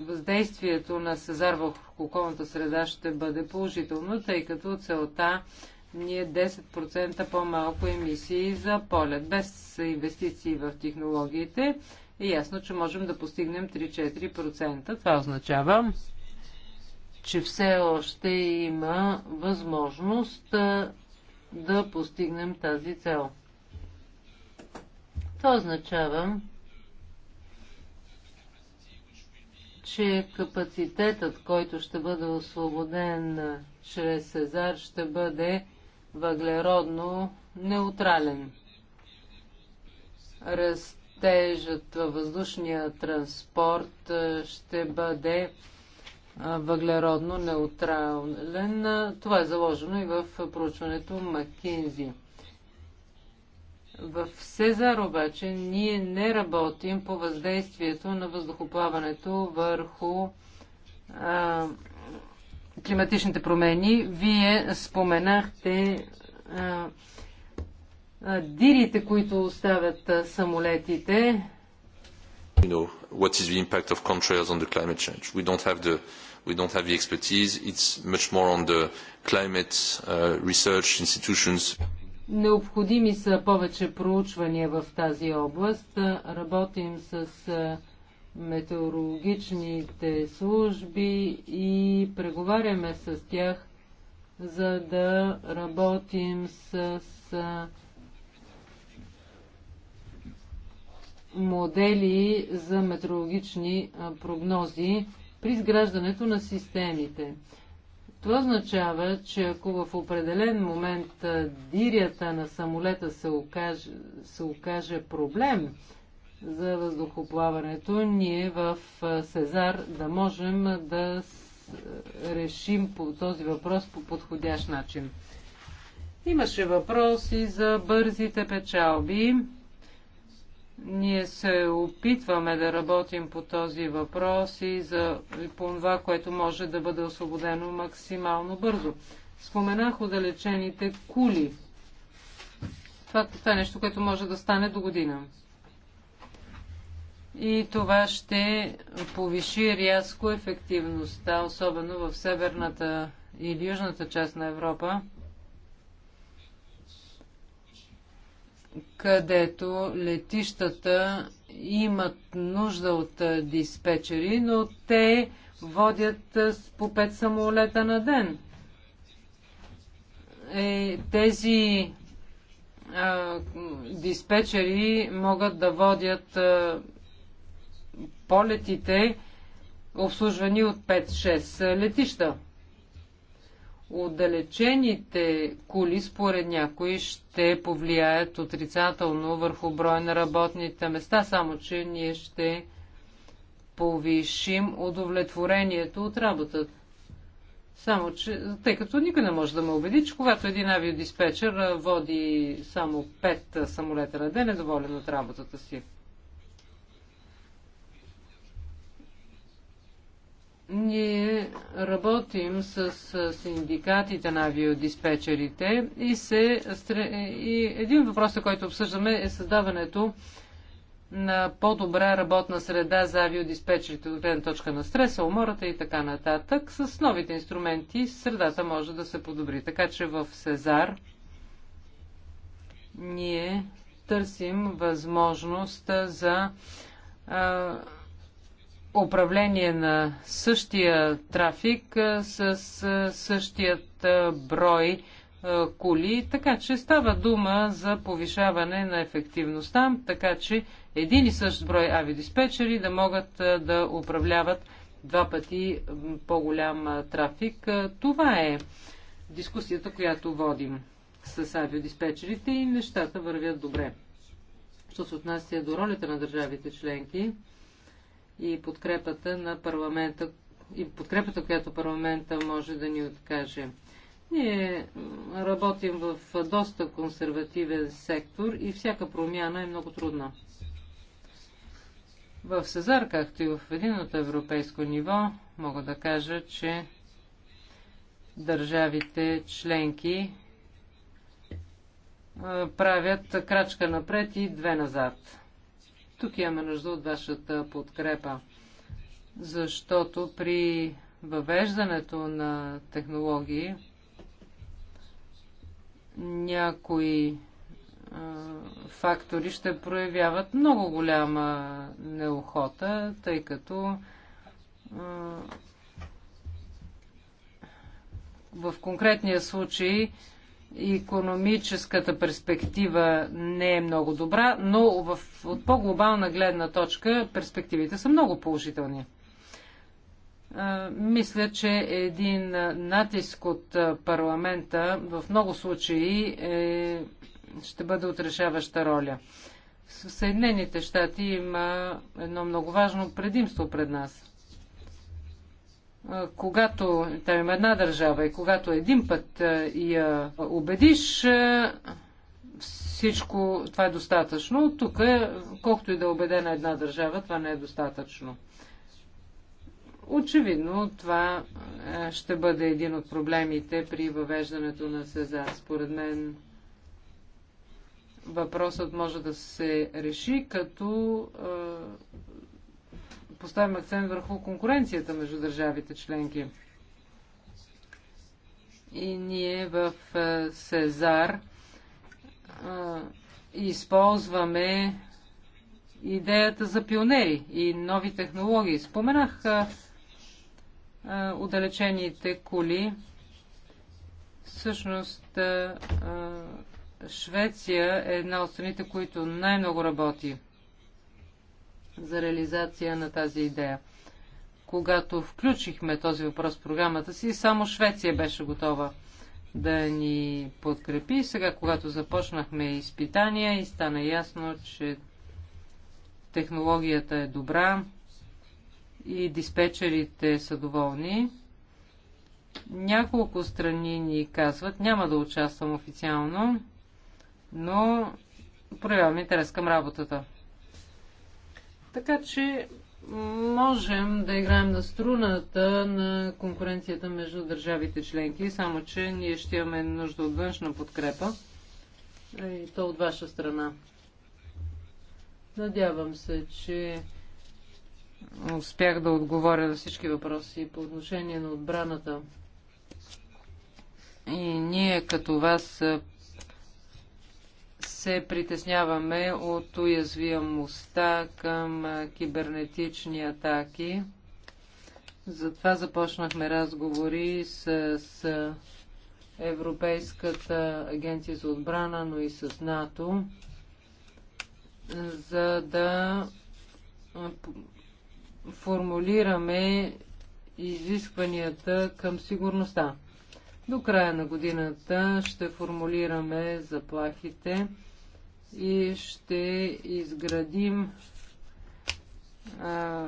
въздействието на Сезар в околната среда ще бъде положително, тъй като целта ни е 10% по-малко емисии за полет. Без инвестиции в технологиите е ясно, че можем да постигнем 3-4%. Това означава, че все още има възможност да постигнем тази цел. Това означава, че капацитетът, който ще бъде освободен чрез Сезар, ще бъде въглеродно неутрален. Растежът във въздушния транспорт ще бъде въглеродно неутрален. Това е заложено и в проучването Макинзи. В Сезар обаче ние не работим по въздействието на въздухоплаването върху а, климатичните промени. Вие споменахте а, а, дирите, които оставят а, самолетите. You know, what is the impact of contrails on the climate change? We don't have the we don't have the expertise. It's much more on the climate uh, research institutions. Необходими са повече проучвания в тази област. Работим с метеорологичните служби и преговаряме с тях, за да работим с модели за метеорологични прогнози при изграждането на системите. Това означава, че ако в определен момент дирията на самолета се окаже, се окаже проблем за въздухоплаването, ние в Сезар да можем да решим по този въпрос по подходящ начин. Имаше въпроси за бързите печалби. Ние се опитваме да работим по този въпрос и, за, и по това, което може да бъде освободено максимално бързо. Споменах отдалечените кули. Това, това е нещо, което може да стане до година. И това ще повиши рязко ефективността, особено в северната или южната част на Европа. където летищата имат нужда от диспетчери, но те водят по 5 самолета на ден. Е, тези а, диспетчери могат да водят а, полетите, обслужвани от 5-6 летища отдалечените коли според някои ще повлияят отрицателно върху брой на работните места, само че ние ще повишим удовлетворението от работата. Само, че, тъй като никой не може да ме убеди, че когато един авиодиспетчер води само 5 самолета на ден, е доволен от работата си. Ние работим с синдикатите на авиодиспетчерите и, се, и един въпрос, който обсъждаме е създаването на по-добра работна среда за авиодиспетчерите от гледна точка на стреса, умората и така нататък. С новите инструменти средата може да се подобри. Така че в Сезар ние търсим възможност за а, управление на същия трафик с същият брой коли, така че става дума за повишаване на ефективността, така че един и същ брой авидиспетчери да могат да управляват два пъти по-голям трафик. Това е дискусията, която водим с авиодиспетчерите и нещата вървят добре. Що се отнася до ролята на държавите членки, и подкрепата на парламента и подкрепата, която парламента може да ни откаже. Ние работим в доста консервативен сектор и всяка промяна е много трудна. В Сезар, както и в един от европейско ниво, мога да кажа, че държавите членки правят крачка напред и две назад. Тук имаме нужда от вашата подкрепа, защото при въвеждането на технологии някои фактори ще проявяват много голяма неохота, тъй като в конкретния случай економическата перспектива не е много добра, но в, от по-глобална гледна точка перспективите са много положителни. Мисля, че един натиск от парламента в много случаи е, ще бъде отрешаваща роля. В Съединените щати има едно много важно предимство пред нас – когато там има една държава и когато един път я убедиш, всичко това е достатъчно. Тук, е, колкото и да е убеде на една държава, това не е достатъчно. Очевидно, това ще бъде един от проблемите при въвеждането на Сезар. Според мен въпросът може да се реши, като поставим акцент върху конкуренцията между държавите членки. И ние в е, Сезар е, използваме идеята за пионери и нови технологии. Споменах е, отдалечените коли. Всъщност Швеция е една от страните, които най-много работи за реализация на тази идея. Когато включихме този въпрос в програмата си, само Швеция беше готова да ни подкрепи. Сега, когато започнахме изпитания и стана ясно, че технологията е добра и диспетчерите са доволни, няколко страни ни казват, няма да участвам официално, но проявявам интерес към работата. Така че можем да играем на струната на конкуренцията между държавите членки, само че ние ще имаме нужда от външна подкрепа и то от ваша страна. Надявам се, че успях да отговоря на всички въпроси по отношение на отбраната. И ние като вас се притесняваме от уязвимостта към кибернетични атаки. Затова започнахме разговори с, с Европейската агенция за отбрана, но и с НАТО, за да формулираме изискванията към сигурността. До края на годината ще формулираме заплахите и ще изградим а,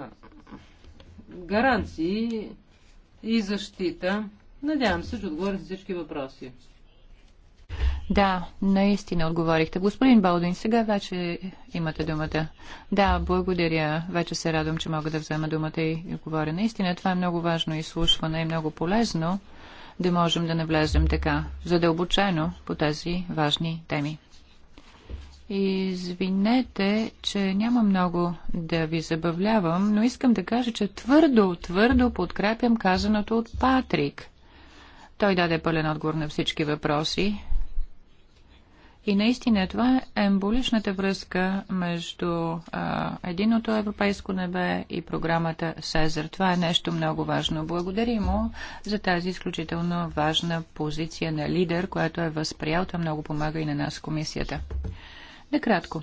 гаранции и защита. Надявам се, че отговорих всички въпроси. Да, наистина отговорихте. Господин Балдин, сега вече имате думата. Да, благодаря. Вече се радвам, че мога да взема думата и говоря. Наистина, това е много важно изслушване и много полезно да можем да навлезем така задълбочено по тези важни теми. Извинете, че няма много да ви забавлявам, но искам да кажа, че твърдо, твърдо подкрепям казаното от Патрик. Той даде пълен отговор на всички въпроси. И наистина това е емболичната връзка между а, единото европейско небе и програмата Сезар. Това е нещо много важно. Благодарим му за тази изключително важна позиция на лидер, която е възприял. Това много помага и на нас комисията. Накратко.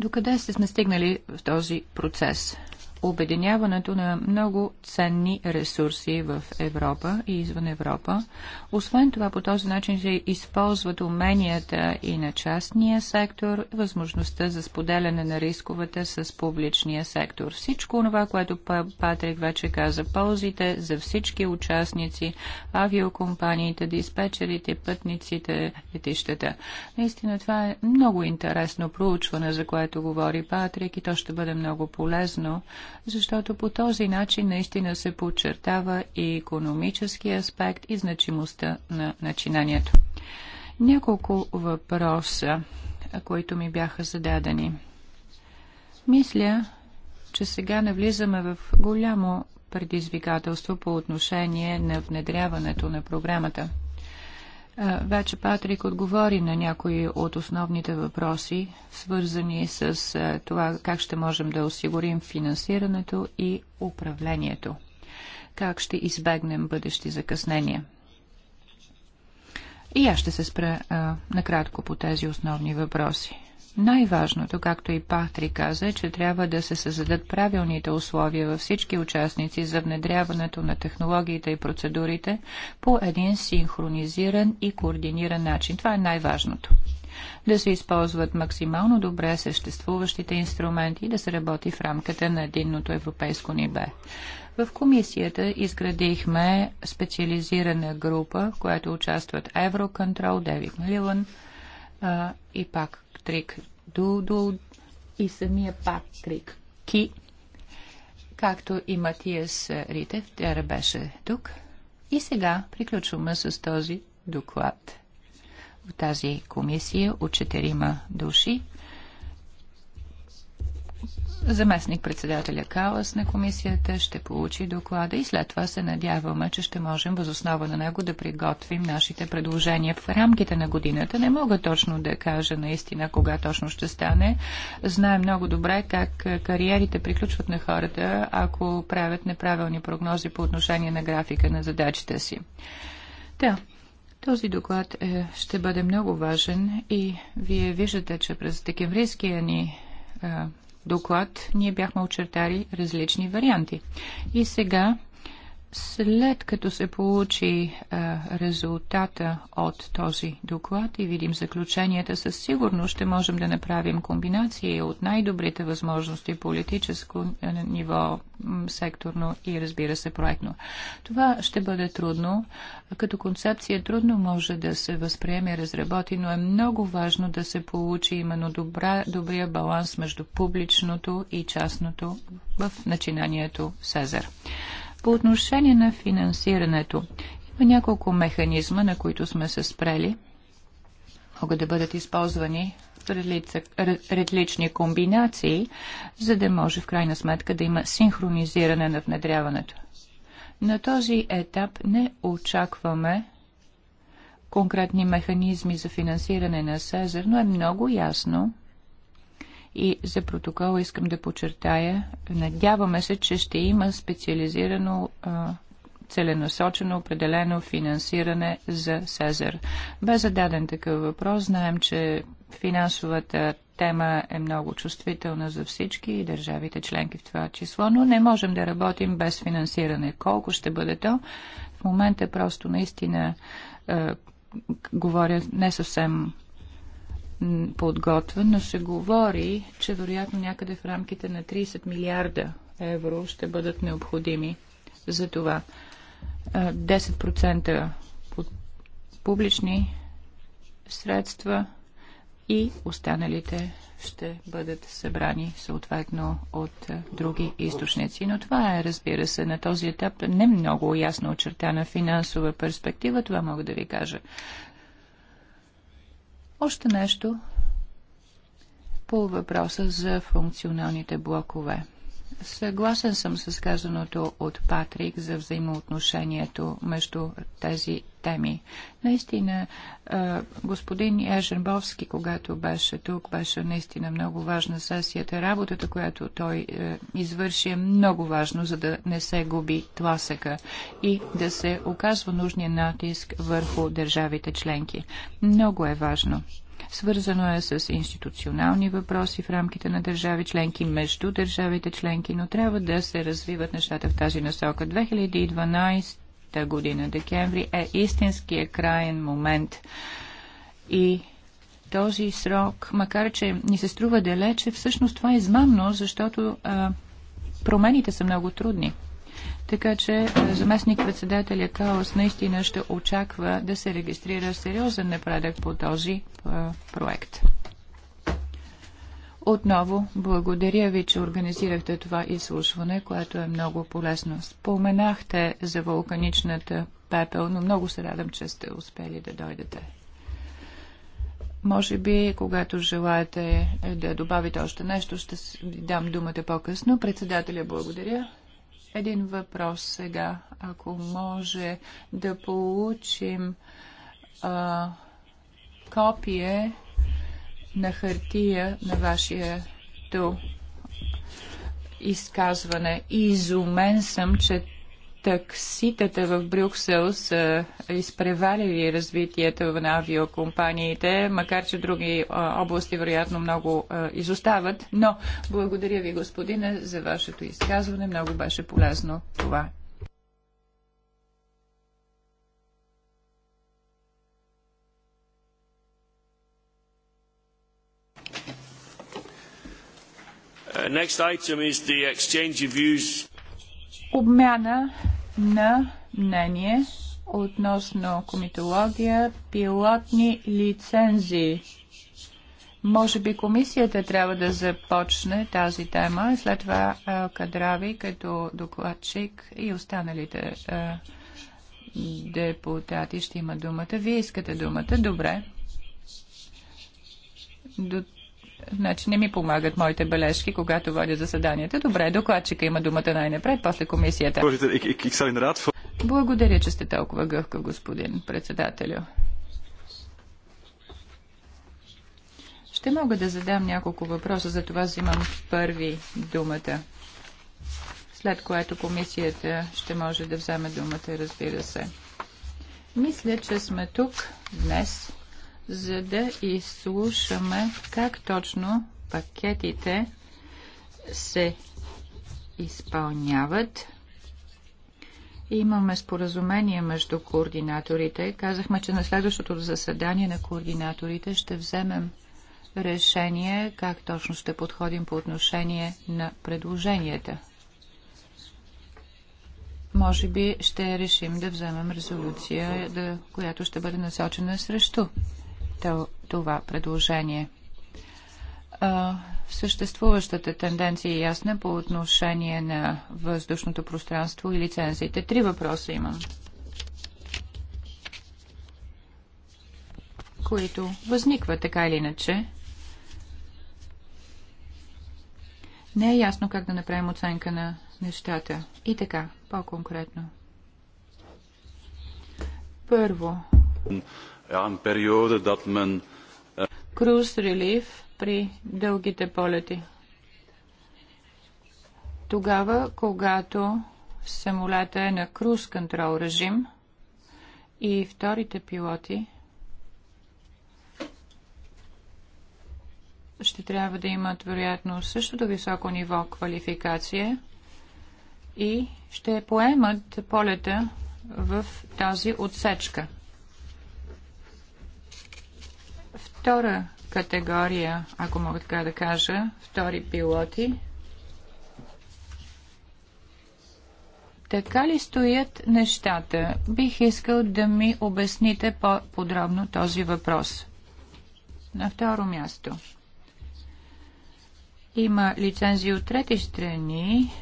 До къде сте сме стигнали в този процес? обединяването на много ценни ресурси в Европа и извън Европа. Освен това, по този начин се използват уменията и на частния сектор, възможността за споделяне на рисковете с публичния сектор. Всичко това, което Патрик вече каза, ползите за всички участници, авиокомпаниите, диспетчерите, пътниците, летищата. Наистина това е много интересно проучване, за което говори Патрик и то ще бъде много полезно защото по този начин наистина се подчертава и економически аспект и значимостта на начинанието. Няколко въпроса, които ми бяха зададени. Мисля, че сега навлизаме в голямо предизвикателство по отношение на внедряването на програмата – вече Патрик отговори на някои от основните въпроси, свързани с това как ще можем да осигурим финансирането и управлението. Как ще избегнем бъдещи закъснения. И аз ще се спра а, накратко по тези основни въпроси. Най-важното, както и Пахтри каза, е, че трябва да се създадат правилните условия във всички участници за внедряването на технологиите и процедурите по един синхронизиран и координиран начин. Това е най-важното. Да се използват максимално добре съществуващите инструменти и да се работи в рамката на единното европейско нибе. В комисията изградихме специализирана група, в която участват Евроконтрол, Девик Милилан и пак Патрик Дудул и самия Патрик Ки, както и Матиас Ритев, тя беше тук. И сега приключваме с този доклад в тази комисия от четирима души. Заместник председателя Калас на комисията ще получи доклада и след това се надяваме, че ще можем възоснова на него да приготвим нашите предложения в рамките на годината. Не мога точно да кажа наистина кога точно ще стане. Знае много добре как кариерите приключват на хората, ако правят неправилни прогнози по отношение на графика на задачите си. Да, този доклад е, ще бъде много важен и вие виждате, че през декемврийския ни е, доклад ние бяхме очертали различни варианти. И сега след като се получи а, резултата от този доклад и видим заключенията, със сигурност ще можем да направим комбинации от най-добрите възможности политическо ниво, секторно и разбира се проектно. Това ще бъде трудно. Като концепция трудно може да се възприеме и разработи, но е много важно да се получи именно добра, добрия баланс между публичното и частното в начинанието Сезар. По отношение на финансирането, има няколко механизма, на които сме се спрели. Могат да бъдат използвани различни комбинации, за да може в крайна сметка да има синхронизиране на внедряването. На този етап не очакваме конкретни механизми за финансиране на Сезер, но е много ясно, и за протокола искам да подчертая, надяваме се, че ще има специализирано целенасочено определено финансиране за Сезар. Бе зададен такъв въпрос. Знаем, че финансовата тема е много чувствителна за всички и държавите членки в това число, но не можем да работим без финансиране. Колко ще бъде то? В момента просто наистина е, говоря не съвсем подготвен, но се говори, че вероятно някъде в рамките на 30 милиарда евро ще бъдат необходими за това. 10% публични средства и останалите ще бъдат събрани съответно от други източници. Но това е, разбира се, на този етап не много ясно очертана финансова перспектива, това мога да ви кажа. Още нещо по въпроса за функционалните блокове. Съгласен съм с казаното от Патрик за взаимоотношението между тези теми. Наистина, господин Еженбовски, когато беше тук, беше наистина много важна сесията. Работата, която той е, извърши е много важно, за да не се губи тласъка и да се оказва нужния натиск върху държавите членки. Много е важно. Свързано е с институционални въпроси в рамките на държави членки, между държавите членки, но трябва да се развиват нещата в тази насока. 2012 година, декември, е истинския краен момент. И този срок, макар че ни се струва далече, всъщност това е измамно, защото а, промените са много трудни. Така че е, заместник председателя Каос наистина ще очаква да се регистрира сериозен напредък по този е, проект. Отново благодаря ви, че организирахте това изслушване, което е много полезно. Споменахте за вулканичната пепел, но много се радвам, че сте успели да дойдете. Може би, когато желаете да добавите още нещо, ще дам думата по-късно. Председателя, благодаря един въпрос сега. Ако може да получим а, копие на хартия на вашето изказване. изумен съм, че такситата в Брюксел са изпреварили развитието на авиокомпаниите, макар че други области вероятно много изостават. Но благодаря ви, господине, за вашето изказване. Много беше полезно това. Uh, next item is the exchange of views обмяна на мнение относно комитология, пилотни лицензии. Може би комисията трябва да започне тази тема и след това Кадрави като докладчик и останалите депутати ще имат думата. Вие искате думата? Добре. До Значи не ми помагат моите бележки, когато водя заседанията. Добре, докладчика има думата най-напред, после комисията. Благодаря, че сте толкова гъвкав, господин председателю. Ще мога да задам няколко въпроса, за това взимам първи думата. След което комисията ще може да вземе думата, разбира се. Мисля, че сме тук днес, за да изслушаме как точно пакетите се изпълняват. Имаме споразумение между координаторите. Казахме, че на следващото заседание на координаторите ще вземем решение как точно ще подходим по отношение на предложенията. Може би ще решим да вземем резолюция, която ще бъде насочена срещу това предложение. А, съществуващата тенденция е ясна по отношение на въздушното пространство и лицензиите. Три въпроса имам, които възникват така или иначе. Не е ясно как да направим оценка на нещата. И така, по-конкретно. Първо, een periode dat men... Eh, Cruise Relief при дългите полети. Тогава, когато самолета е на круз контрол режим и вторите пилоти ще трябва да имат вероятно същото високо ниво квалификация и ще поемат полета в тази отсечка. втора категория, ако мога така да кажа, втори пилоти. Така ли стоят нещата? Бих искал да ми обясните по-подробно този въпрос. На второ място. Има лицензии от трети страни,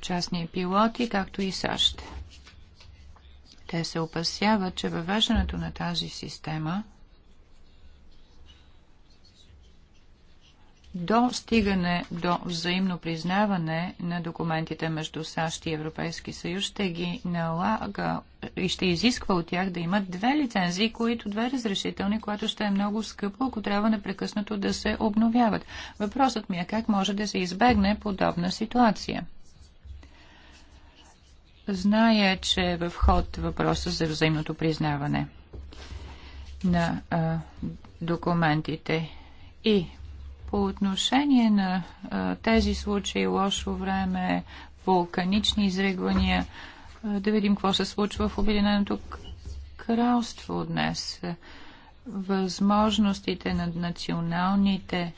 частни пилоти, както и САЩ. Те се опасяват, че въвеждането на тази система – до стигане до взаимно признаване на документите между САЩ и Европейски съюз ще ги налага и ще изисква от тях да имат две лицензии, които две разрешителни, което ще е много скъпо, ако трябва непрекъснато да се обновяват. Въпросът ми е как може да се избегне подобна ситуация. Зная, че е в ход въпроса за взаимното признаване на а, документите и по отношение на а, тези случаи, лошо време, вулканични изригвания, а, да видим какво се случва в Обединеното кралство днес. Възможностите на националните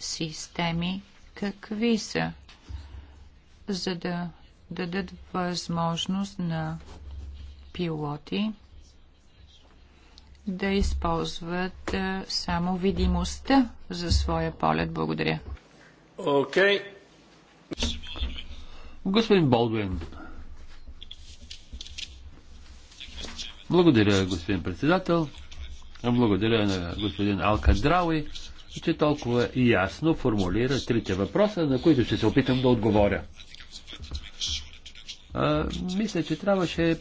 системи какви са, за да дадат възможност на пилоти да използват само видимостта за своя полет. Благодаря. Окей. Okay. Господин Болдуин. Благодаря, господин председател. Благодаря на господин Алка Драуи, че толкова ясно формулира трите въпроса, на които ще се опитам да отговоря. А, мисля, че трябваше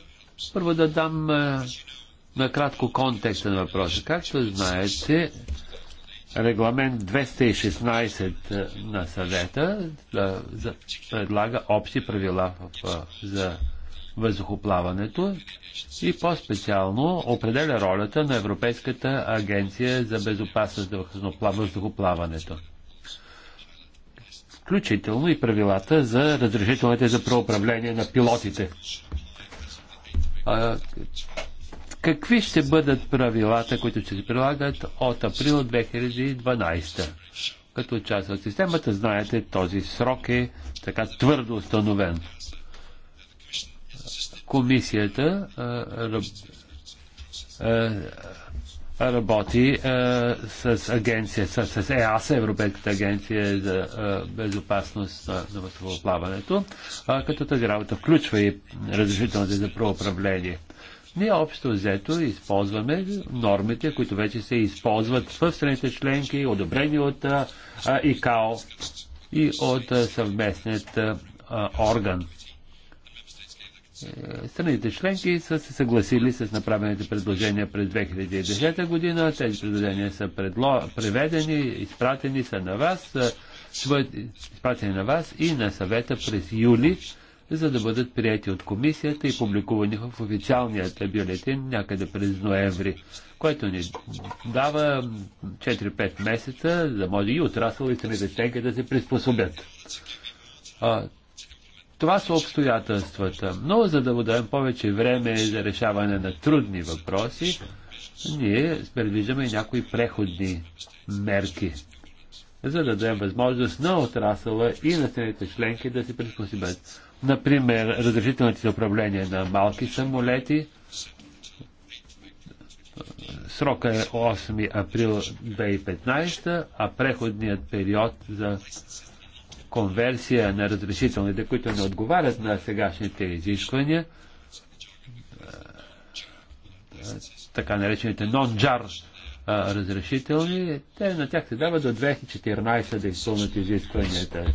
първо да дам Накратко контекста на въпроса. Както знаете, регламент 216 е, на съвета да, за, предлага общи правила в, е, за въздухоплаването и по-специално определя ролята на Европейската агенция за безопасност на въздухоплаването. Включително и правилата за разрешителните за преуправление на пилотите. А, какви ще бъдат правилата, които ще се прилагат от април 2012. Като част от системата, знаете, този срок е така твърдо установен. Комисията работи с агенция, с, ЕАС, Европейската агенция за безопасност на, на въздухоплаването, като тази работа включва и разрешителните за правоуправление. Ние общо взето използваме нормите, които вече се използват в страните членки, одобрени от а, ИКАО и от съвместният орган. Е, страните членки са се съгласили с направените предложения през 2010 година. Тези предложения са предло... преведени, изпратени са на вас, изпратени на вас и на съвета през юли за да бъдат прияти от комисията и публикувани в официалния бюлетин някъде през ноември, което ни дава 4-5 месеца, за да може и отрасъл и страните да се приспособят. А, това са обстоятелствата, но за да дадем повече време за решаване на трудни въпроси, ние предвиждаме и някои преходни мерки за да дадем възможност на отрасъла и на страните членки да се приспособят. Например, разрешителните управления на малки самолети. Срока е 8 април 2015, а преходният период за конверсия на разрешителните, които не отговарят на сегашните изисквания, така наречените non-JAR разрешителни, те на тях се дава до 2014 да изпълнят изискванията.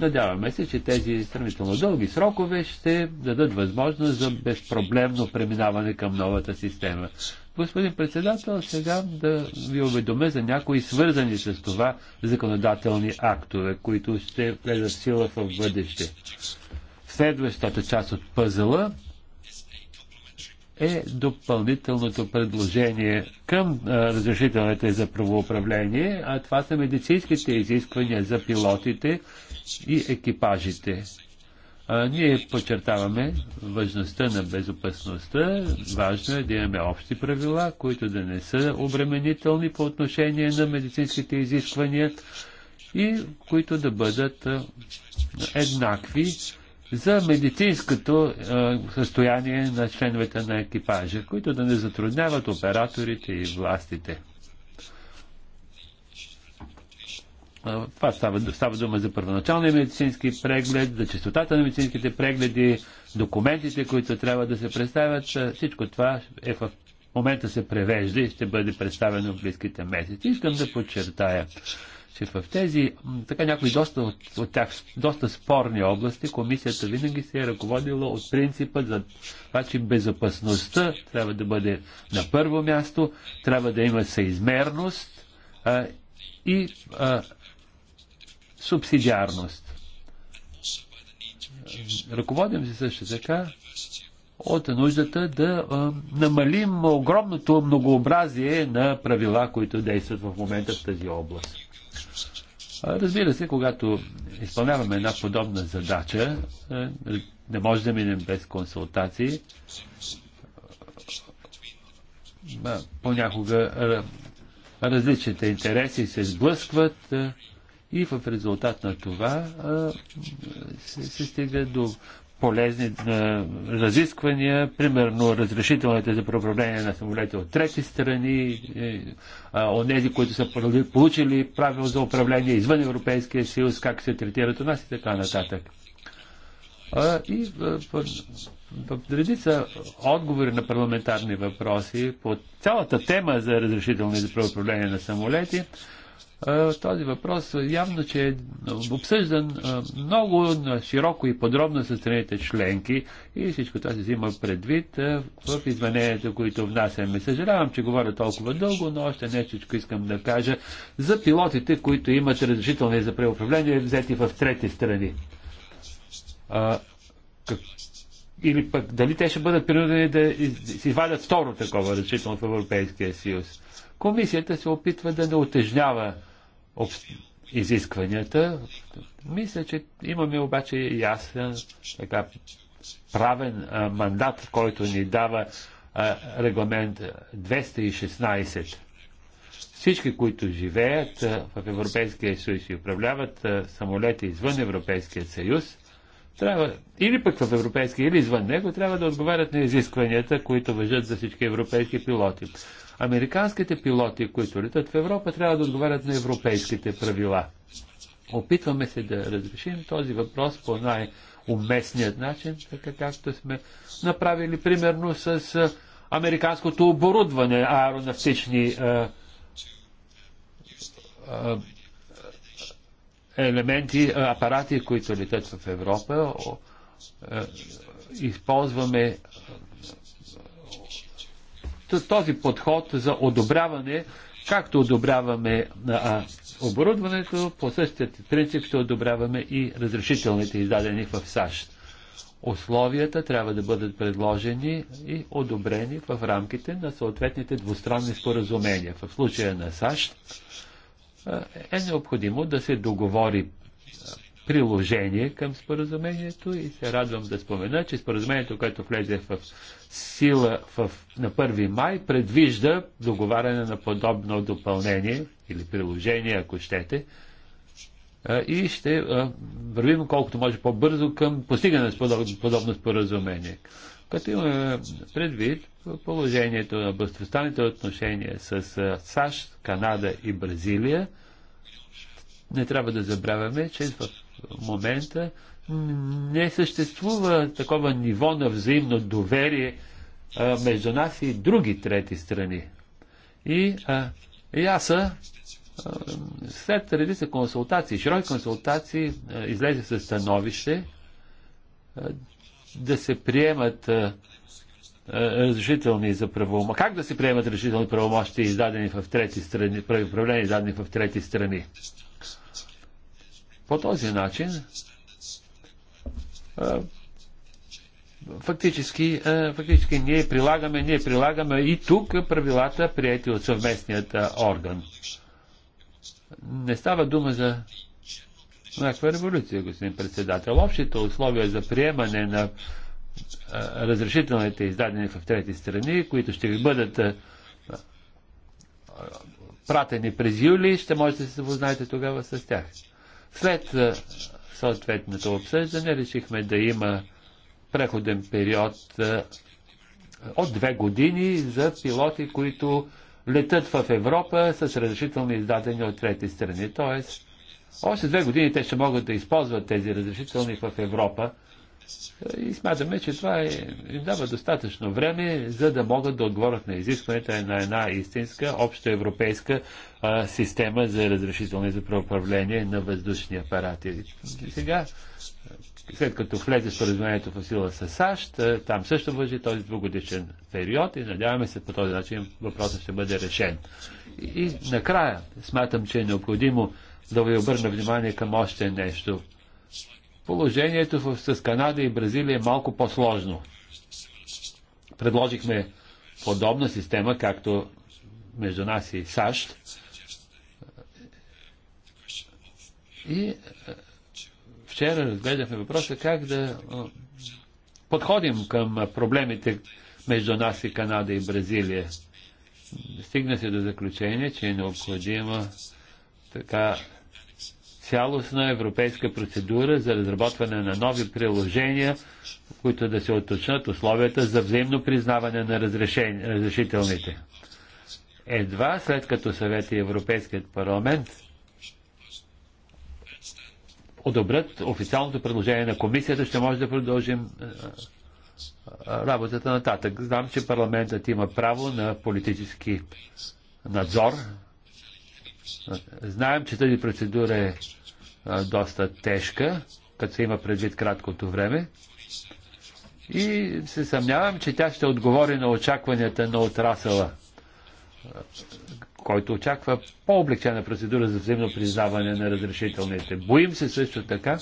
Надяваме се, че тези сравнително дълги срокове ще дадат възможност за безпроблемно преминаване към новата система. Господин председател, сега да ви уведомя за някои свързани с това законодателни актове, които ще влезат сила в бъдеще. Следващата част от пъзела е допълнителното предложение към разрешителните за правоуправление, а това са медицинските изисквания за пилотите и екипажите. А, ние подчертаваме важността на безопасността. Важно е да имаме общи правила, които да не са обременителни по отношение на медицинските изисквания и които да бъдат а, еднакви за медицинското а, състояние на членовете на екипажа, които да не затрудняват операторите и властите. Това става, става дума за първоначалния медицински преглед, за частотата на медицинските прегледи, документите, които трябва да се представят. Всичко това е в момента се превежда и ще бъде представено в близките месеци. Искам да подчертая, че в тези, така някои доста от, от тях, доста спорни области, комисията винаги се е ръководила от принципа за това, че безопасността трябва да бъде на първо място, трябва да има съизмерност а, и а, субсидиарност. Ръководим се също така от нуждата да а, намалим огромното многообразие на правила, които действат в момента в тази област. разбира се, когато изпълняваме една подобна задача, не може да минем без консултации. понякога различните интереси се сблъскват и в резултат на това се, се стига до полезни разисквания, примерно разрешителните за проправление на самолети от трети страни, онези, които са получили правил за управление извън Европейския съюз, как се третират у нас и така нататък. А, и в, редица отговори на парламентарни въпроси по цялата тема за разрешителни за правоуправление на самолети, този въпрос явно, че е обсъждан много широко и подробно със страните членки и всичко това се взима предвид в измененията, които внасяме. Съжалявам, че говоря толкова дълго, но още нещо искам да кажа за пилотите, които имат разрешителни за преуправление, взети в трети страни. Или пък дали те ще бъдат принудени да извадят второ такова разрешително в Европейския съюз Комисията се опитва да не отежнява изискванията. Мисля, че имаме обаче ясен така, правен а, мандат, който ни дава а, регламент 216. Всички, които живеят а, в Европейския съюз и управляват а, самолети извън Европейския съюз, трябва или пък в Европейския, или извън него, трябва да отговарят на изискванията, които въжат за всички европейски пилоти. Американските пилоти, които летат в Европа, трябва да отговарят на европейските правила. Опитваме се да разрешим този въпрос по най-уместният начин, така както сме направили примерно с американското оборудване, аеронавтични а, а, елементи, апарати, които летят в Европа. Използваме този подход за одобряване, както одобряваме а, оборудването, по същия принцип ще одобряваме и разрешителните издадени в САЩ. Условията трябва да бъдат предложени и одобрени в рамките на съответните двустранни споразумения. В случая на САЩ е необходимо да се договори приложение към споразумението и се радвам да спомена, че споразумението, което влезе в сила в, на 1 май, предвижда договаряне на подобно допълнение или приложение, ако щете, и ще вървим колкото може по-бързо към постигане на подобно споразумение. Като имаме предвид положението на бъдствостаните отношения с САЩ, Канада и Бразилия, не трябва да забравяме, че в момента не съществува такова ниво на взаимно доверие а, между нас и други трети страни. И а, аз а, след редица консултации, широки консултации, а, излезе със становище а, да се приемат а, разрешителни за правомощи. Как да се приемат решителни правомощи, издадени в трети страни, правиления издадени в трети страни? По този начин фактически, фактически ние прилагаме, ние прилагаме и тук правилата, прияти от съвместният орган. Не става дума за някаква революция, господин председател. Общите условия за приемане на разрешителните издадени в трети страни, които ще ви бъдат пратени през юли, ще можете да се запознаете тогава с тях. След съответното обсъждане решихме да има преходен период от две години за пилоти, които летат в Европа с разрешителни издадени от трети страни. Тоест, още две години те ще могат да използват тези разрешителни в Европа, и смятаме, че това е, им дава достатъчно време, за да могат да отговорят на изискването на една истинска общоевропейска а, система за разрешителни за преуправление на въздушни апарати. И сега, след като влезе споразумението в сила с САЩ, там също въжи този двугодишен период и надяваме се по този начин въпросът ще бъде решен. и накрая смятам, че е необходимо да ви обърна внимание към още нещо Положението в, с Канада и Бразилия е малко по-сложно. Предложихме подобна система, както между нас и САЩ. И е, вчера разгледахме въпроса как да е, подходим към проблемите между нас и Канада и Бразилия. Стигна се до заключение, че е необходима така цялостна европейска процедура за разработване на нови приложения, в които да се оточнат условията за взаимно признаване на разрешителните. Едва след като съвет и Европейският парламент одобрят официалното предложение на комисията, ще може да продължим е, е, работата нататък. Знам, че парламентът има право на политически надзор Знаем, че тази процедура е доста тежка, като се има предвид краткото време. И се съмнявам, че тя ще отговори на очакванията на отрасъла, който очаква по-облегчена процедура за взаимно признаване на разрешителните. Боим се също така,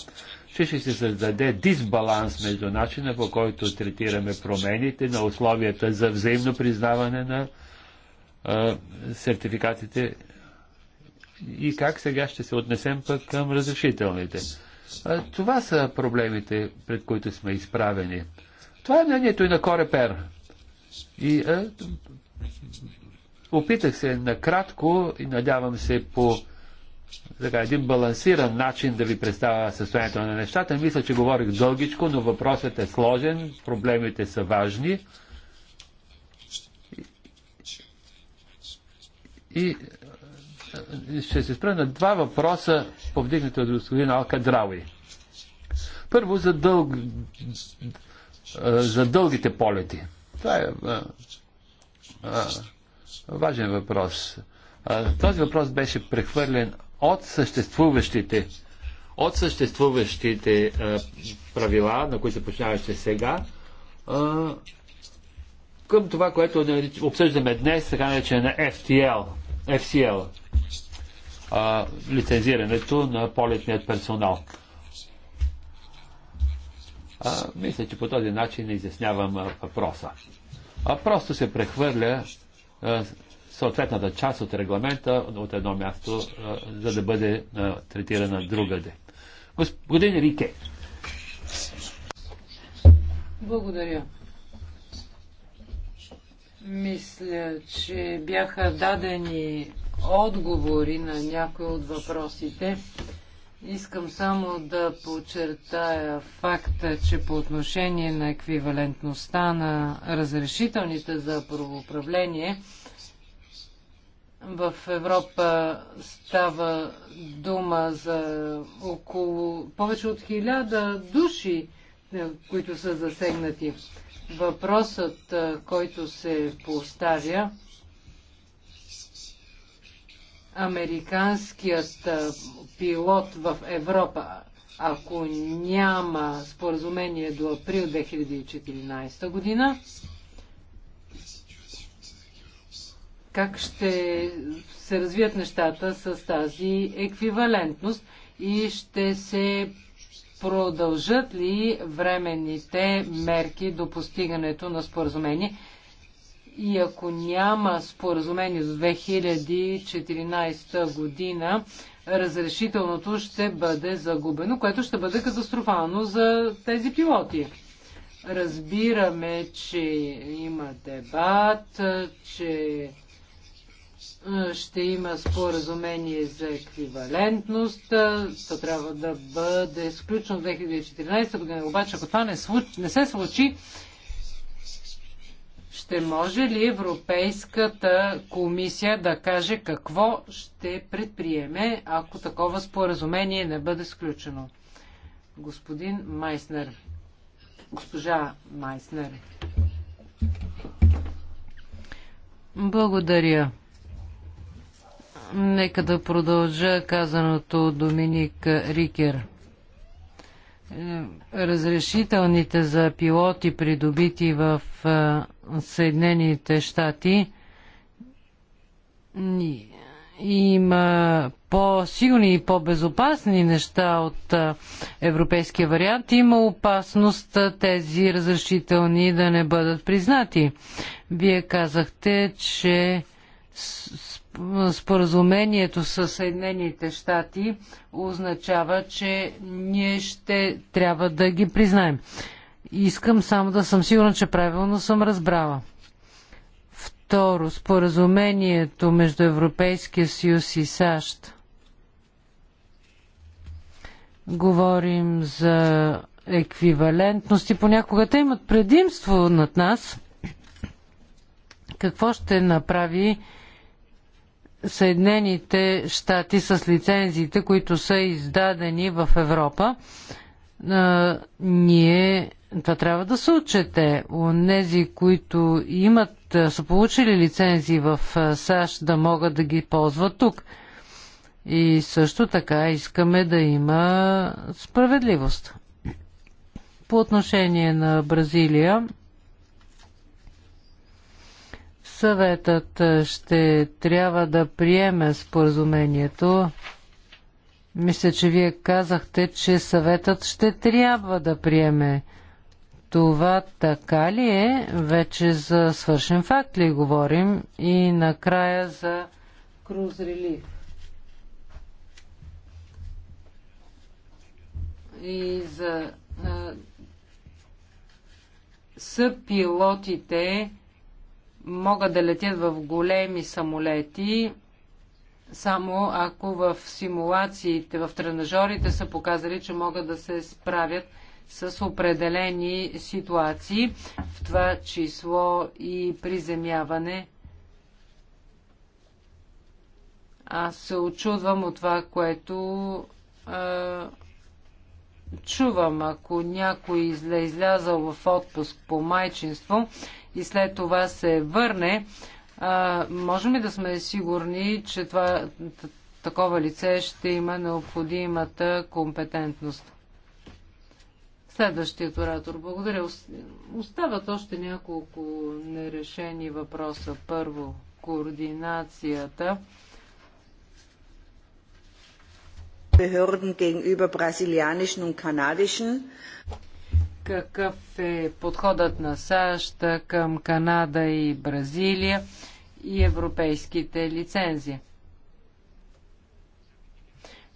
че ще се създаде дисбаланс между начина по който третираме промените на условията за взаимно признаване на сертификатите и как сега ще се отнесем пък към разрешителните. Това са проблемите, пред които сме изправени. Това е мнението и на Корепер. И а, опитах се накратко и надявам се по така, един балансиран начин да ви представя състоянието на нещата. Мисля, че говорих дългичко, но въпросът е сложен, проблемите са важни. И, и ще се спра на два въпроса, повдигнати от господин Алкадрауи. Първо за, дълг, за дългите полети. Това е а, а, важен въпрос. А, този въпрос беше прехвърлен от съществуващите от съществуващите а, правила, на които започнаваше сега, а, към това, което обсъждаме днес, така наречена FTL – FCL, а, лицензирането на полетният персонал. А, мисля, че по този начин изяснявам а, въпроса. А просто се прехвърля а, съответната част от регламента от едно място, а, за да бъде а, третирана другаде. Господин Рике. Благодаря. Мисля, че бяха дадени отговори на някои от въпросите. Искам само да подчертая факта, че по отношение на еквивалентността на разрешителните за правоуправление в Европа става дума за около повече от хиляда души, е, които са засегнати. Въпросът, е, който се поставя, американският е, пилот в Европа, ако няма споразумение до април 2014 година, как ще се развият нещата с тази еквивалентност и ще се продължат ли временните мерки до постигането на споразумение? И ако няма споразумение до 2014 година, разрешителното ще бъде загубено, което ще бъде катастрофално за тези пилоти. Разбираме, че има дебат, че е, ще има споразумение за еквивалентност. Е, то трябва да бъде сключено в 2014 година. Обаче, ако това не, случ... не се случи, ще може ли Европейската комисия да каже какво ще предприеме, ако такова споразумение не бъде сключено? Господин Майснер. Госпожа Майснер. Благодаря. Нека да продължа казаното Доминик Рикер. Разрешителните за пилоти, придобити в Съединените щати, има по-силни и по-безопасни неща от европейския вариант, има опасност тези разрешителни да не бъдат признати. Вие казахте, че споразумението с Съединените щати означава, че ние ще трябва да ги признаем. Искам само да съм сигурна, че правилно съм разбрала. Второ, споразумението между Европейския съюз и САЩ. Говорим за еквивалентност и понякога те имат предимство над нас. Какво ще направи Съединените щати с лицензиите, които са издадени в Европа. А, ние това трябва да се отчете. Нези, които имат, са получили лицензии в САЩ, да могат да ги ползват тук. И също така искаме да има справедливост. По отношение на Бразилия, съветът е, ще трябва да приеме споразумението. Мисля, че вие казахте, че съветът ще трябва да приеме. Това така ли е? Вече за свършен факт ли говорим? И накрая за Круз Релив. И за а, е, съпилотите могат да летят в големи самолети, само ако в симулациите, в тренажорите са показали, че могат да се справят с определени ситуации, в това число и приземяване. Аз се очудвам от това, което е, чувам. Ако някой изля, излязал в отпуск по майчинство, и след това се върне, а, можем ли да сме сигурни, че това, такова лице ще има необходимата компетентност? Следващият оратор. Благодаря. Остават още няколко нерешени въпроса. Първо, координацията. Behörden gegenüber brasilianischen und kanadischen какъв е подходът на САЩ към Канада и Бразилия и европейските лицензии.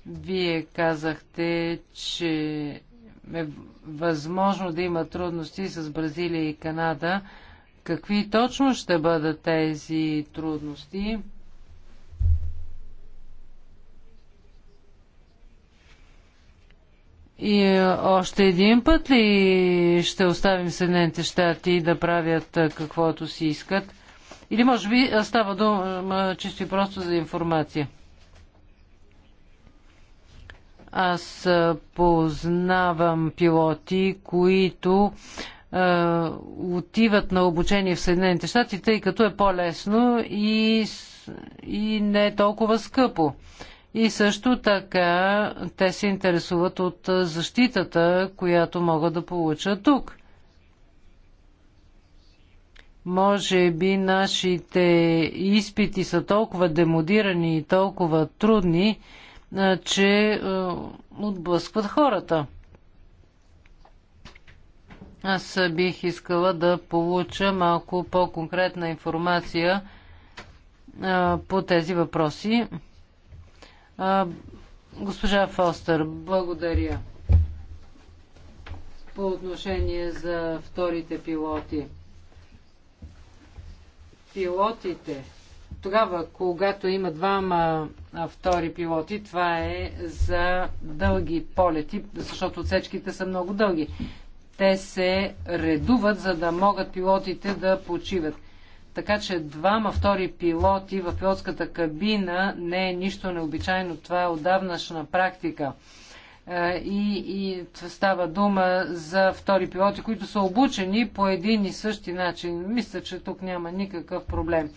Вие казахте, че е възможно да има трудности с Бразилия и Канада. Какви точно ще бъдат тези трудности? И е, още един път ли ще оставим Съединените щати да правят е, каквото си искат? Или може би е, става дума чисто и просто за информация? Аз познавам пилоти, които е, отиват на обучение в Съединените щати, тъй като е по-лесно и, и не е толкова скъпо. Е, и също така те се интересуват от защитата, която могат да получат тук. Може би нашите изпити са толкова демодирани и толкова трудни, че отблъскват хората. Аз бих искала да получа малко по-конкретна информация по тези въпроси. А, госпожа Фостер, благодаря. По отношение за вторите пилоти. Пилотите, тогава, когато има двама втори пилоти, това е за дълги полети, защото отсечките са много дълги. Те се редуват, за да могат пилотите да почиват. Така че двама втори пилоти в пилотската кабина не е нищо необичайно. Това е отдавнашна практика. Е, и, и става дума за втори пилоти, които са обучени по един и същи начин. Мисля, че тук няма никакъв проблем.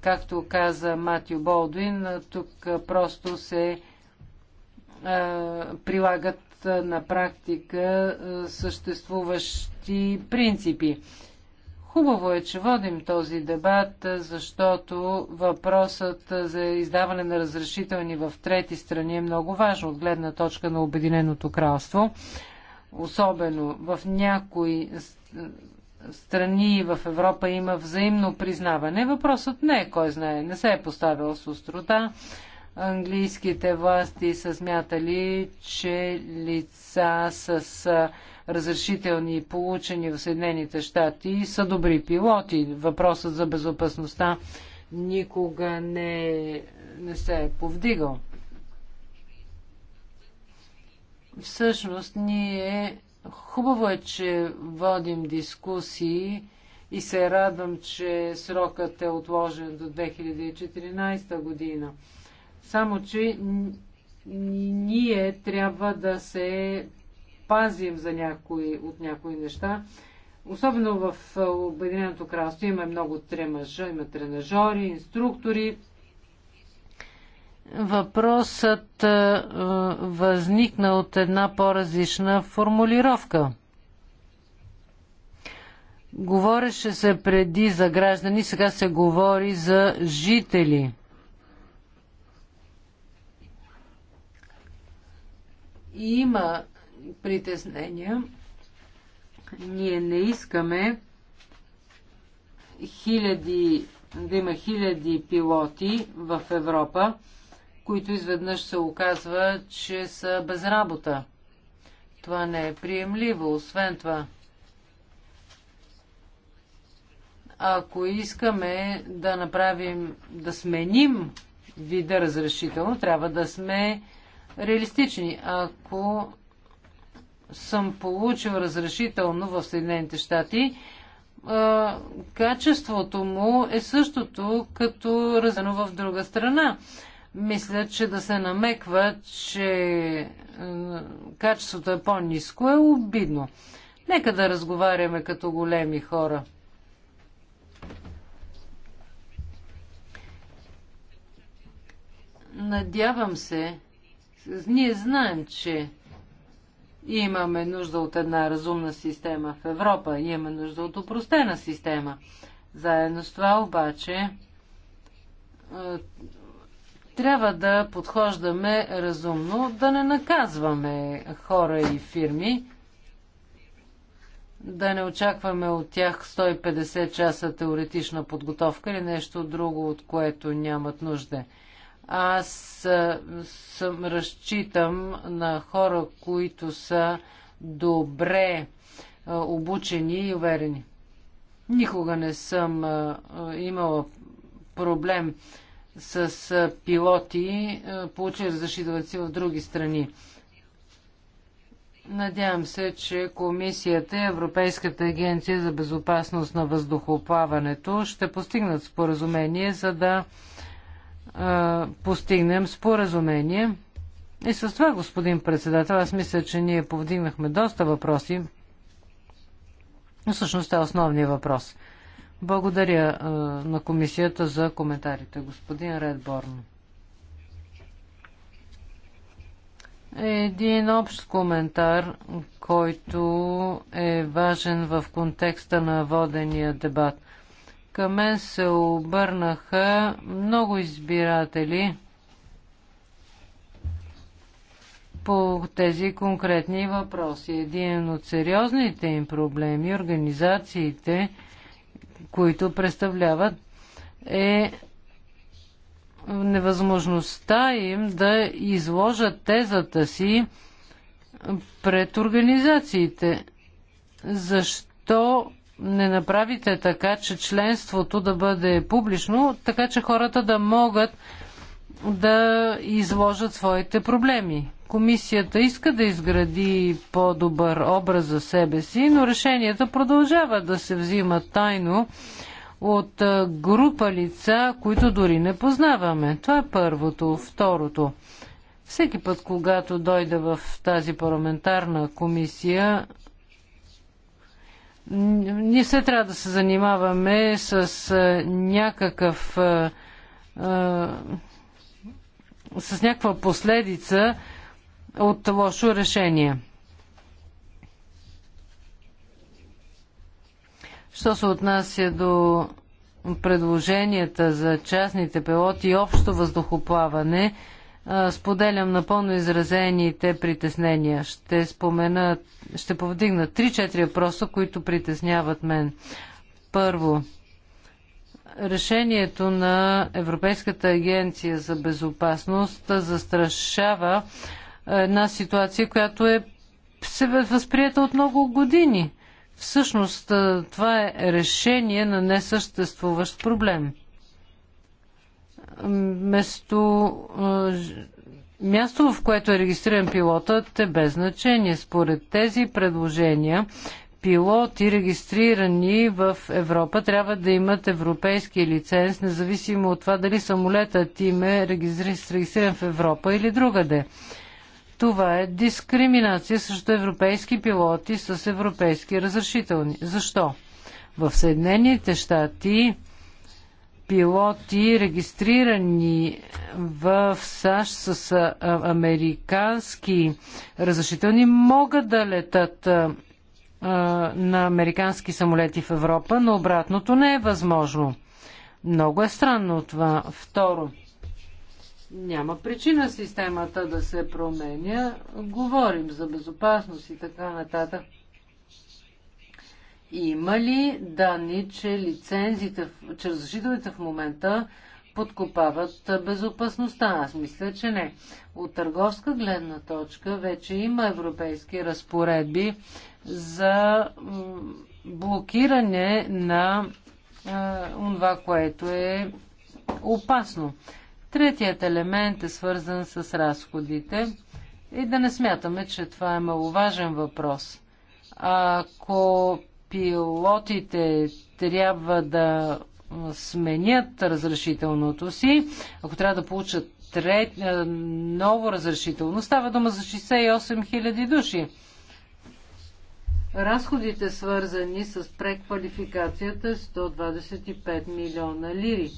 Както каза Матио Болдуин, тук просто се е, прилагат на практика е, съществуващи принципи. Хубаво е, че водим този дебат, защото въпросът за издаване на разрешителни в трети страни е много важен от гледна точка на Обединеното кралство. Особено в някои страни в Европа има взаимно признаване. Въпросът не е кой знае, не се е поставил с острота английските власти са смятали, че лица с разрешителни получени в Съединените щати са добри пилоти. Въпросът за безопасността никога не, не се е повдигал. Всъщност, ние хубаво е, че водим дискусии и се радвам, че срокът е отложен до 2014 година. Само, че ние трябва да се пазим за някои, от някои неща. Особено в е, Обединеното кралство има много тремажа, има тренажори, инструктори. Въпросът е, е, възникна от една по-различна формулировка. Говореше се преди за граждани, сега се говори за жители – има притеснения. Ние не искаме хиляди, да има хиляди пилоти в Европа, които изведнъж се оказва, че са без работа. Това не е приемливо. Освен това, ако искаме да направим, да сменим вида разрешително, трябва да сме реалистични. Ако съм получил разрешително в Съединените щати, качеството му е същото като разено в друга страна. Мисля, че да се намеква, че качеството е по-низко е обидно. Нека да разговаряме като големи хора. Надявам се, ние знаем, че имаме нужда от една разумна система в Европа, имаме нужда от упростена система. Заедно с това обаче трябва да подхождаме разумно, да не наказваме хора и фирми, да не очакваме от тях 150 часа теоретична подготовка или нещо друго, от което нямат нужда. Аз съм разчитам на хора, които са добре обучени и уверени. Никога не съм имала проблем с пилоти, получили разрешителници в други страни. Надявам се, че комисията и Европейската агенция за безопасност на въздухоплаването ще постигнат споразумение, за да а, постигнем споразумение. И с това, господин председател, аз мисля, че ние повдигнахме доста въпроси. Но всъщност е основният въпрос. Благодаря а, на комисията за коментарите. Господин Редборн. Един общ коментар, който е важен в контекста на водения дебат – към мен се обърнаха много избиратели по тези конкретни въпроси. Един от сериозните им проблеми, организациите, които представляват, е невъзможността им да изложат тезата си пред организациите. Защо не направите така, че членството да бъде публично, така че хората да могат да изложат своите проблеми. Комисията иска да изгради по-добър образ за себе си, но решенията продължават да се взимат тайно от група лица, които дори не познаваме. Това е първото. Второто. Всеки път, когато дойда в тази парламентарна комисия, не все трябва да се занимаваме с някакъв с някаква последица от лошо решение. Що се отнася до предложенията за частните пилоти и общо въздухоплаване – Споделям напълно изразените притеснения. Ще спомена, ще повдигна 3-4 въпроса, които притесняват мен. Първо, решението на Европейската агенция за безопасност застрашава една ситуация, която е се възприета от много години. Всъщност това е решение на несъществуващ проблем место, място, в което е регистриран пилотът е без значение. Според тези предложения, пилоти, регистрирани в Европа, трябва да имат европейски лиценз, независимо от това дали самолетът им е регистриран в Европа или другаде. Това е дискриминация срещу европейски пилоти с европейски разрешителни. Защо? В Съединените щати пилоти, регистрирани в САЩ с американски разрешителни, могат да летат на американски самолети в Европа, но обратното не е възможно. Много е странно това. Второ, няма причина системата да се променя. Говорим за безопасност и така нататък. Има ли данни, че лицензите, че разрешителните в момента подкопават безопасността? Аз мисля, че не. От търговска гледна точка вече има европейски разпоредби за блокиране на това, което е опасно. Третият елемент е свързан с разходите и да не смятаме, че това е маловажен въпрос. Ако пилотите трябва да сменят разрешителното си, ако трябва да получат трет, е, ново разрешително, става дума за 68 000 души. Разходите, свързани с преквалификацията, 125 е милиона лири.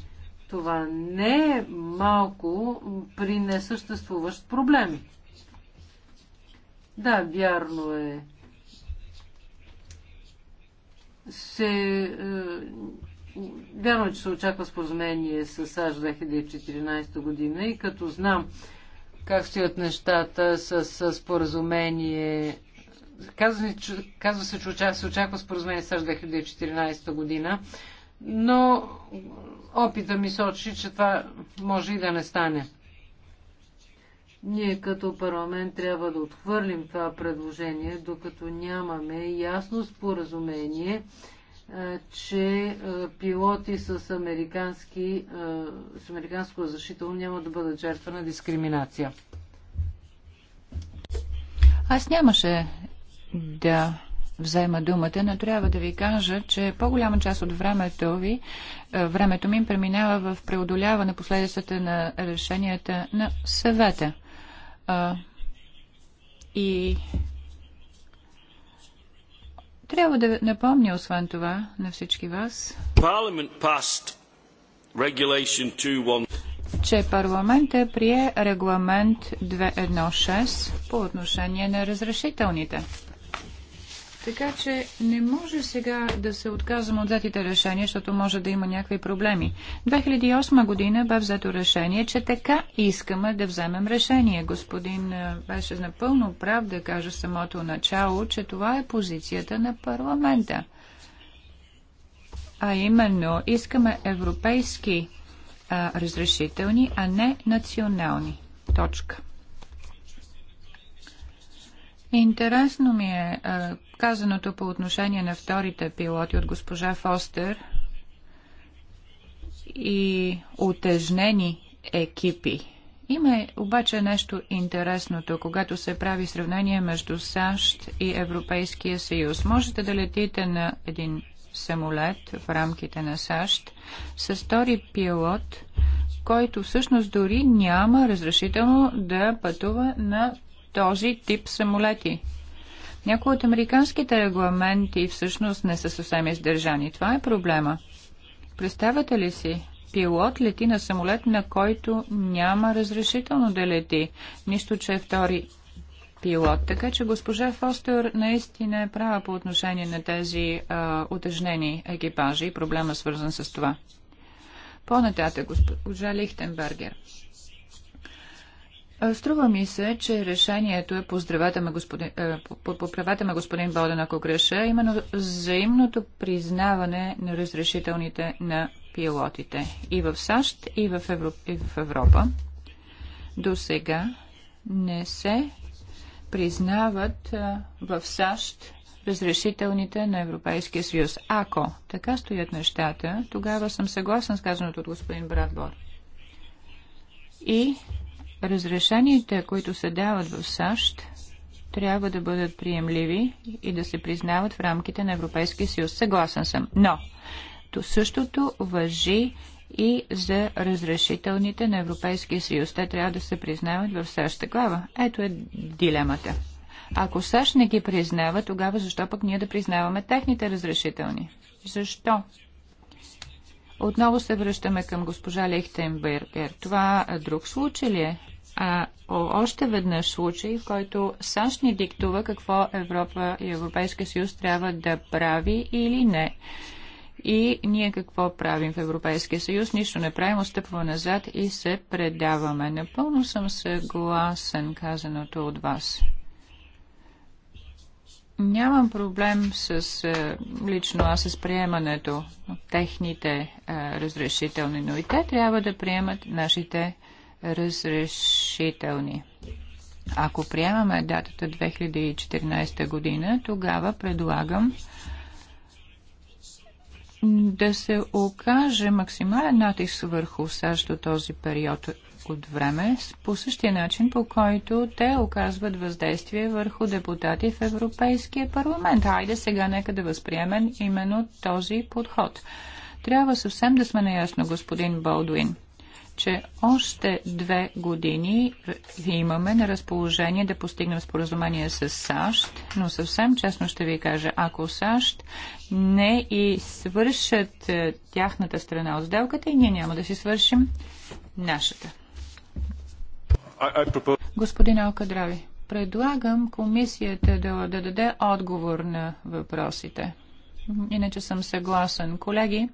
Това не е малко при несъществуващ проблем. Да, вярно е се... Е, вярно, е, че се очаква споразумение с САЩ 2014 година и като знам как стоят нещата с, споразумение... Казва, се, че се очаква споразумение с САЩ 2014 година, но опита ми сочи, че това може и да не стане. Ние като парламент трябва да отхвърлим това предложение, докато нямаме ясно споразумение, че пилоти с, американски, с американско защитно няма да бъдат жертва на дискриминация. Аз нямаше да взема думата, но трябва да ви кажа, че по-голяма част от времето ви, времето ми преминава в преодоляване последствията на решенията на съвета. А, и трябва да напомня, освен това, на всички вас, че парламентът прие регламент 216 по отношение на разрешителните. Така че не може сега да се отказвам от взетите решения, защото може да има някакви проблеми. 2008 година бе взето решение, че така искаме да вземем решение. Господин е, беше напълно прав да каже самото начало, че това е позицията на парламента. А именно, искаме европейски а, разрешителни, а не национални. Точка. Интересно ми е а, казаното по отношение на вторите пилоти от госпожа Фостер и отежнени екипи. Има обаче нещо интересното, когато се прави сравнение между САЩ и Европейския съюз. Можете да летите на един самолет в рамките на САЩ с втори пилот, който всъщност дори няма разрешително да пътува на този тип самолети. Някои от американските регламенти всъщност не са съвсем издържани. Това е проблема. Представете ли си, пилот лети на самолет, на който няма разрешително да лети. Нищо, че е втори пилот. Така че госпожа Фостер наистина е права по отношение на тези а, утежнени екипажи и проблема свързан с това. По-нататък, госпожа Лихтенбергер. Е, струва ми се, че решението е здравата ме господин, е, правата ме господин Боден, ако греша, именно взаимното признаване на разрешителните на пилотите и в САЩ, и в, Евро... и в Европа. До сега не се признават е, в САЩ разрешителните на Европейския съюз. Ако така стоят нещата, тогава съм съгласен с казаното от господин Брадбор. И разрешенията, които се дават в САЩ, трябва да бъдат приемливи и да се признават в рамките на Европейския съюз. Съгласен съм. Но то същото въжи и за разрешителните на Европейския съюз. Те трябва да се признават в САЩ. Такава. Ето е дилемата. Ако САЩ не ги признава, тогава защо пък ние да признаваме техните разрешителни? Защо? Отново се връщаме към госпожа Лихтенбергер. Това е друг случай ли е? А, о, още веднъж случай, в който САЩ ни диктува какво Европа и Европейския съюз трябва да прави или не. И ние какво правим в Европейския съюз? Нищо не правим, отстъпва назад и се предаваме. Напълно съм съгласен казаното от вас. Нямам проблем с е, лично аз с приемането на техните е, разрешителни, но и те трябва да приемат нашите разрешителни. Ако приемаме датата 2014 година, тогава предлагам да се окаже максимален натиск върху САЩ до този период по от време, по същия начин, по който те оказват въздействие върху депутати в Европейския парламент. Айде, сега нека да възприемем именно този подход. Трябва съвсем да сме наясно, господин Болдуин че още две години имаме на разположение да постигнем споразумение с САЩ, но съвсем честно ще ви кажа, ако САЩ не и свършат е, тяхната страна от сделката и ние няма да си свършим нашата. Господин Алкадрави, предлагам комисията да, да даде отговор на въпросите. Иначе съм съгласен. Колеги,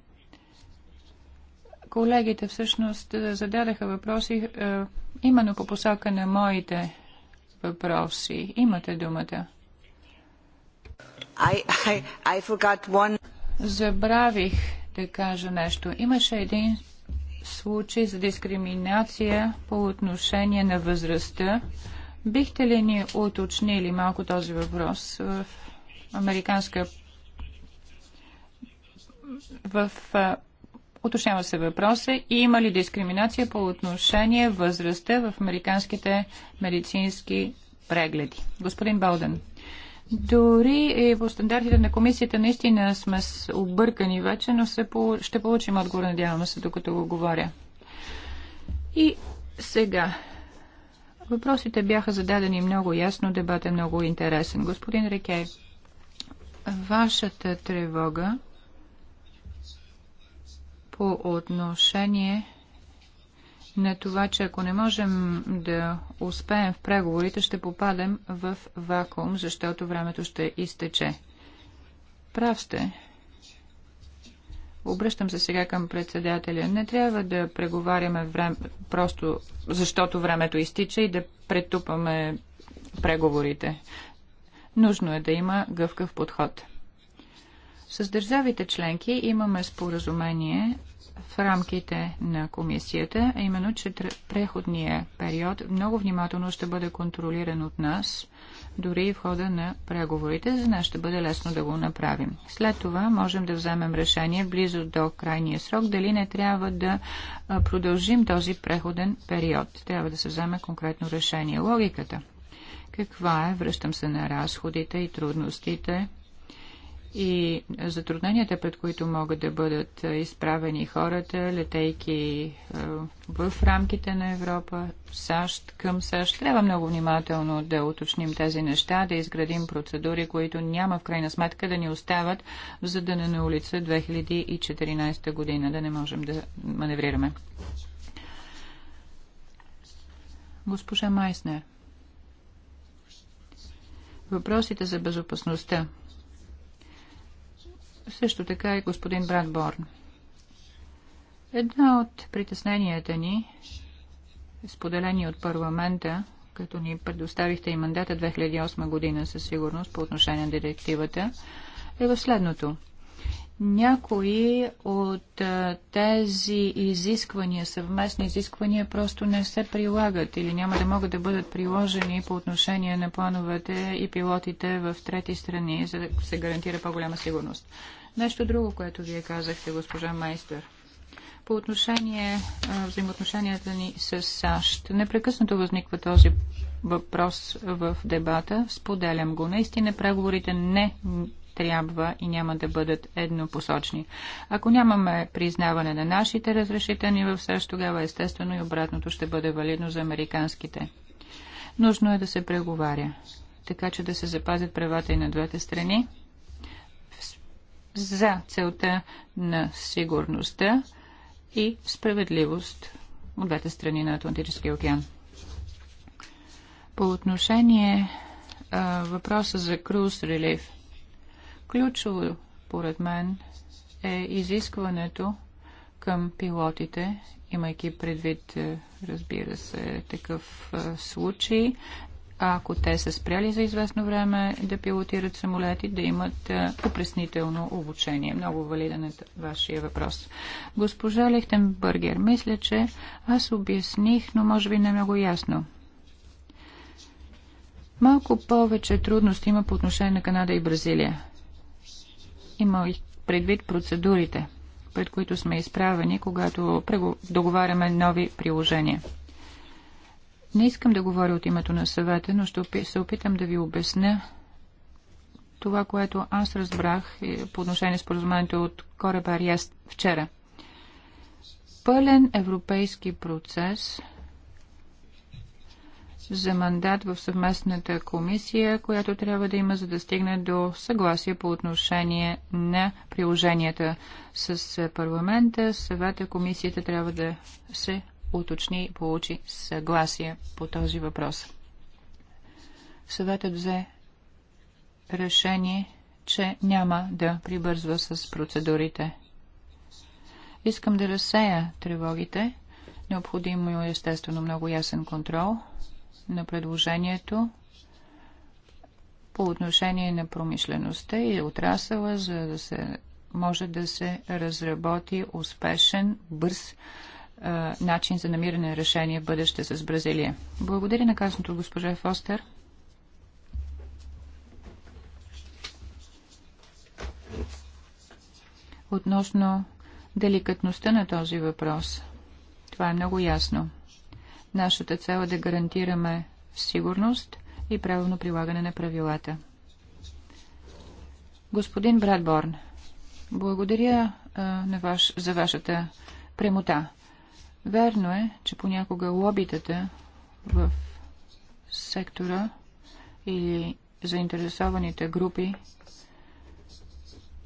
колегите всъщност зададаха въпроси е, именно по посока на моите въпроси. Имате думата. I, I, I one... Забравих да кажа нещо. Имаше един случай за дискриминация по отношение на възрастта. Бихте ли ни уточнили малко този въпрос в американска в Уточнява се въпроса и има ли дискриминация по отношение възрастта в американските медицински прегледи. Господин Балден. Дори и по стандартите на комисията наистина сме объркани вече, но се по... ще получим отговор, надявам се, докато го говоря. И сега. Въпросите бяха зададени много ясно, дебат е много интересен. Господин Рекей, вашата тревога по отношение на това, че ако не можем да успеем в преговорите, ще попадем в вакуум, защото времето ще изтече. Прав сте. Обръщам се сега към председателя. Не трябва да преговаряме време, просто защото времето изтича и да претупаме преговорите. Нужно е да има гъвкав подход. С държавите членки имаме споразумение в рамките на комисията, а именно, че преходния период много внимателно ще бъде контролиран от нас, дори и в хода на преговорите. За нас ще бъде лесно да го направим. След това можем да вземем решение близо до крайния срок, дали не трябва да продължим този преходен период. Трябва да се вземе конкретно решение. Логиката. Каква е? Връщам се на разходите и трудностите и затрудненията, пред които могат да бъдат изправени хората, летейки в рамките на Европа, САЩ към САЩ. Трябва много внимателно да уточним тези неща, да изградим процедури, които няма в крайна сметка да ни остават за да не на улица 2014 година, да не можем да маневрираме. Госпожа Майснер. Въпросите за безопасността също така и господин Брат Борн. Една от притесненията ни, споделени от парламента, като ни предоставихте и мандата 2008 година със сигурност по отношение на директивата, е в следното – някои от тези изисквания, съвместни изисквания, просто не се прилагат или няма да могат да бъдат приложени по отношение на плановете и пилотите в трети страни, за да се гарантира по-голяма сигурност. Нещо друго, което вие казахте, госпожа Майстер, по отношение взаимоотношенията ни с САЩ. Непрекъснато възниква този въпрос в дебата. Споделям го. Наистина преговорите не трябва и няма да бъдат еднопосочни. Ако нямаме признаване на нашите разрешителни в САЩ, тогава естествено и обратното ще бъде валидно за американските. Нужно е да се преговаря, така че да се запазят правата и на двете страни за целта на сигурността и справедливост от двете страни на Атлантическия океан. По отношение а, въпроса за Cruise Relief – Ключово, поред мен, е изискването към пилотите, имайки предвид, е, разбира се, такъв е, случай, ако те са спряли за известно време да пилотират самолети, да имат опреснително е, обучение. Много валиден е вашия въпрос. Госпожа Лихтенбъргер, мисля, че аз обясних, но може би не много ясно. Малко повече трудности има по отношение на Канада и Бразилия. Има предвид процедурите, пред които сме изправени, когато договаряме нови приложения. Не искам да говоря от името на съвета, но ще се опитам да ви обясня това, което аз разбрах е, по отношение с поразумението от Кореба Ариест вчера. Пълен европейски процес – за мандат в съвместната комисия, която трябва да има, за да стигне до съгласие по отношение на приложенията с парламента. Съвета комисията трябва да се уточни и получи съгласие по този въпрос. Съветът взе решение, че няма да прибързва с процедурите. Искам да разсея тревогите. Необходимо е естествено много ясен контрол – на предложението по отношение на промишлеността и отрасъла, за да се може да се разработи успешен, бърз а, начин за намиране на решение в бъдеще с Бразилия. Благодаря на казаното госпожа Фостер. Относно деликатността на този въпрос. Това е много ясно. Нашата цел е да гарантираме сигурност и правилно прилагане на правилата. Господин Брадборн, благодаря а, на ваш, за вашата премота. Верно е, че понякога лобитата в сектора или заинтересованите групи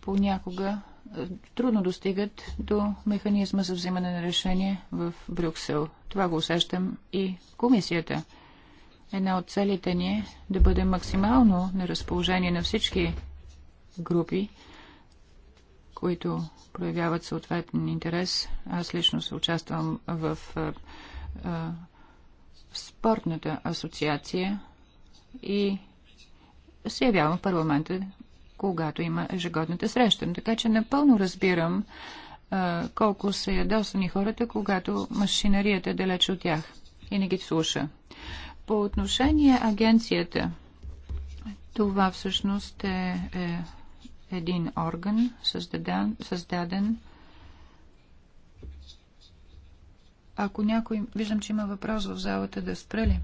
понякога трудно достигат до механизма за взимане на решение в Брюксел. Това го усещам и комисията. Една от целите ни е да бъде максимално на разположение на всички групи, които проявяват съответен интерес. Аз лично се участвам в в, в спортната асоциация и се явявам в парламента когато има ежегодната среща. Така че напълно разбирам а, колко са ядосани хората, когато машинарията е далеч от тях и не ги слуша. По отношение агенцията, това всъщност е, е един орган, създаден, създаден ако някой... Виждам, че има въпрос в залата да спрели.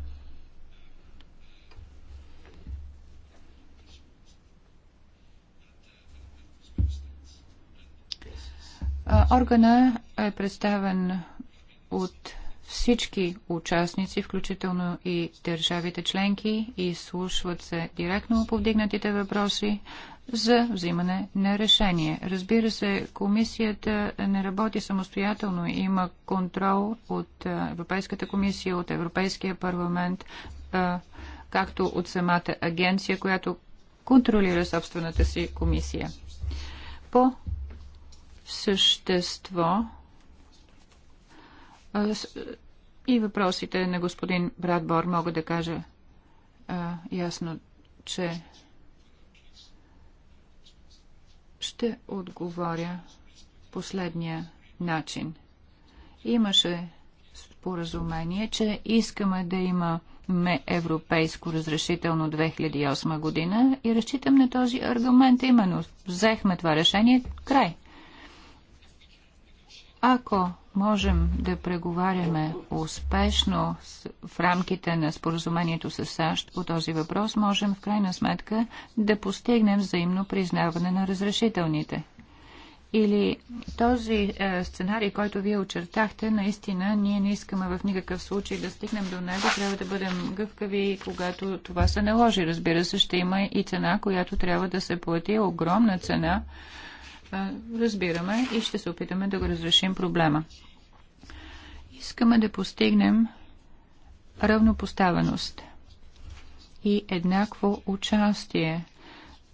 Органа е представен от всички участници, включително и държавите членки, и слушват се директно повдигнатите въпроси за взимане на решение. Разбира се, комисията не работи самостоятелно. Има контрол от Европейската комисия, от Европейския парламент, както от самата агенция, която контролира собствената си комисия. По същество и въпросите на господин Бор мога да кажа а, ясно, че ще отговоря последния начин. Имаше споразумение, че искаме да имаме европейско разрешително 2008 година и разчитам на този аргумент именно. Взехме това решение. Край. Ако можем да преговаряме успешно в рамките на споразумението с САЩ по този въпрос, можем в крайна сметка да постигнем взаимно признаване на разрешителните. Или този е, сценарий, който вие очертахте, наистина ние не искаме в никакъв случай да стигнем до него. Трябва да бъдем гъвкави, когато това се наложи. Разбира се, ще има и цена, която трябва да се плати, огромна цена това разбираме и ще се опитаме да го разрешим проблема. Искаме да постигнем равнопоставеност и еднакво участие.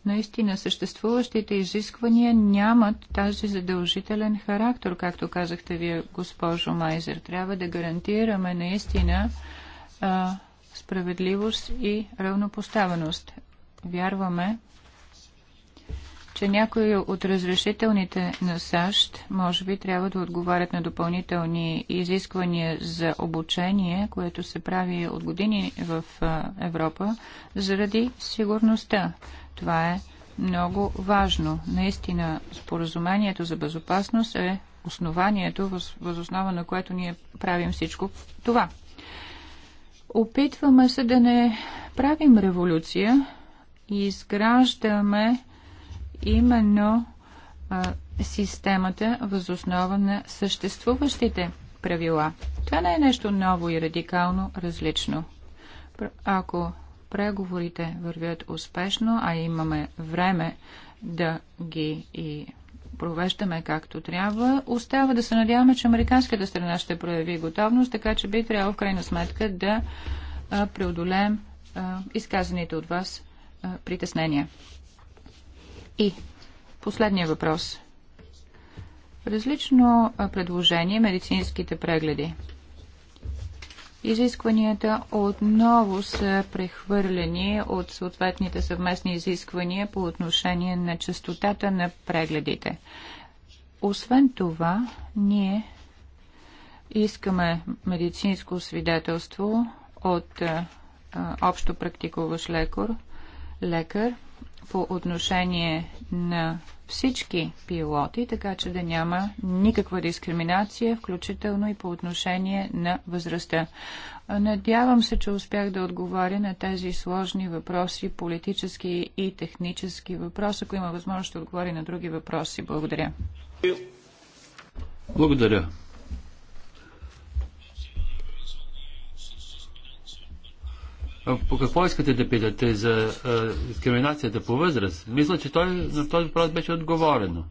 Наистина съществуващите изисквания нямат тази задължителен характер, както казахте вие, госпожо Майзер. Трябва да гарантираме наистина а, справедливост и равнопоставеност. Вярваме, че някои от разрешителните на САЩ може би трябва да отговарят на допълнителни изисквания за обучение, което се прави от години в Европа, заради сигурността. Това е много важно. Наистина, споразумението за безопасност е основанието, възоснова на което ние правим всичко това. Опитваме се да не правим революция и изграждаме именно а, системата възоснова на съществуващите правила. Това не е нещо ново и радикално различно. Ако преговорите вървят успешно, а имаме време да ги и провеждаме както трябва. Остава да се надяваме, че американската страна ще прояви готовност, така че би трябвало в крайна сметка да преодолеем изказаните от вас притеснения. И последния въпрос. Различно предложение медицинските прегледи. Изискванията отново са прехвърлени от съответните съвместни изисквания по отношение на частотата на прегледите. Освен това, ние искаме медицинско свидетелство от а, общо практикуващ лекар, лекар по отношение на всички пилоти, така че да няма никаква дискриминация, включително и по отношение на възрастта. Надявам се, че успях да отговоря на тези сложни въпроси, политически и технически въпроси. Ако има възможност, ще отговоря на други въпроси. Благодаря. Благодаря. По какво искате да питате за дискриминацията по възраст? Мисля, че той, на този въпрос беше отговорено.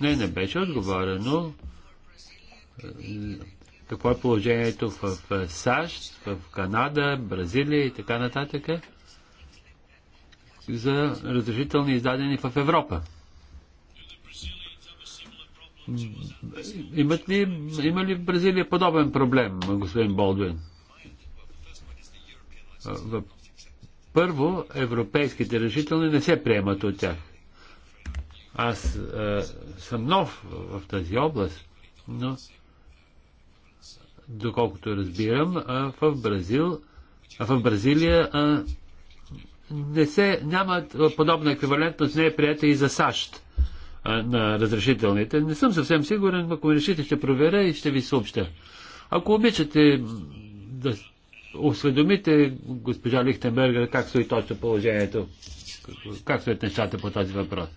Не, не беше отговорено. Какво е положението в, в САЩ, в Канада, Бразилия и така нататък за разрешителни издадени в Европа. Имат ли, има ли в Бразилия подобен проблем, господин Болдуин? Е, първо, европейските решителни не се приемат от тях. Аз е, съм нов в тази област, но доколкото разбирам, а, е, в, Бразил, а, е, в Бразилия а, не се, няма подобна еквивалентност, не е прията и за САЩ а, на разрешителните. Не съм съвсем сигурен, ако решите, ще проверя и ще ви съобща. Ако обичате да осведомите госпожа Лихтенбергер как стои точно положението, как стоят нещата по този въпрос.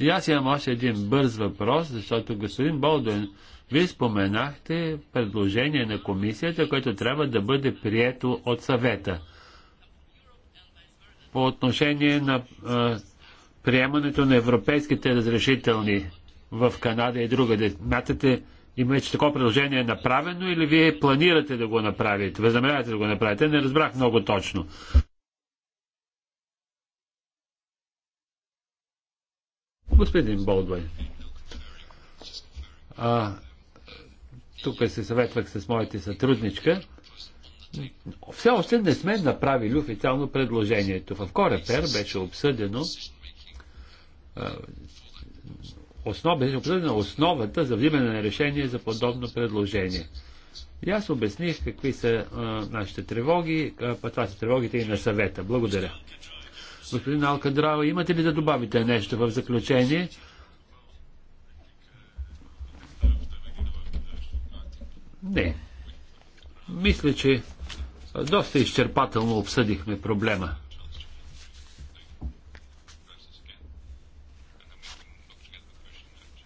И аз имам още един бърз въпрос, защото господин Болдуин, вие споменахте предложение на комисията, което трябва да бъде прието от съвета по отношение на а, приемането на европейските разрешителни в Канада и другаде. Мятате има, че такова предложение е направено или вие планирате да го направите? Възнамерявате да го направите? Не разбрах много точно. Господин Болдвай. А, тук се съветвах с моите сътрудничка. Все още не сме направили официално предложението. В Корепер беше обсъдено основ, беше основата за взимане на решение за подобно предложение. И аз обясних какви са а, нашите тревоги, а, това са тревогите и на съвета. Благодаря. Господин Алкадрал, имате ли да добавите нещо в заключение? Не. Мисля, че доста изчерпателно обсъдихме проблема.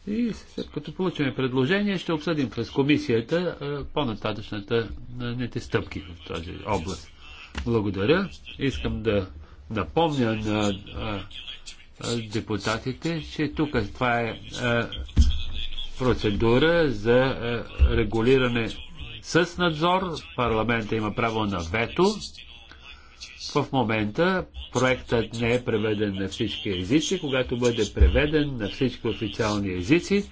И след като получим предложение, ще обсъдим през комисията по-нататъчната нете стъпки в тази област. Благодаря. Искам да напомня на депутатите, че тук това е процедура за регулиране с надзор. Парламента има право на вето в момента проектът не е преведен на всички езици. Когато бъде преведен на всички официални езици,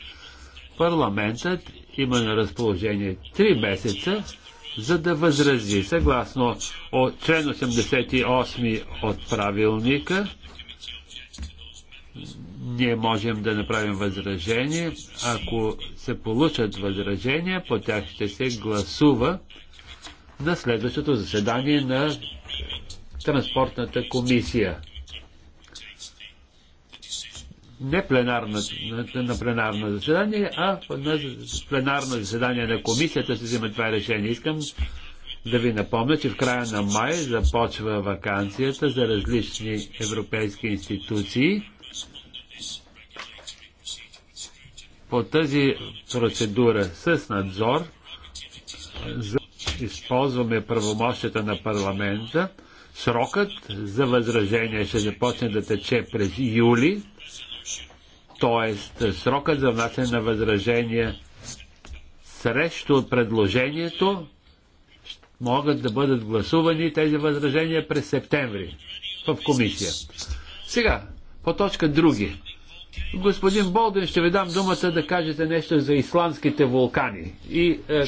парламентът има на разположение 3 месеца, за да възрази съгласно от член 88 от правилника. Ние можем да направим възражение. Ако се получат възражения, по тях ще се гласува на следващото заседание на транспортната комисия. Не пленарна, на пленарно заседание, а на пленарно заседание на комисията се взима това решение. Искам да ви напомня, че в края на май започва вакансията за различни европейски институции. По тази процедура с надзор за използваме правомощията на парламента Срокът за възражение ще започне да тече през юли, т.е. срокът за внасяне на възражение срещу предложението могат да бъдат гласувани тези възражения през септември в комисия. Сега, по точка други. Господин Болден, ще ви дам думата да кажете нещо за исландските вулкани и е,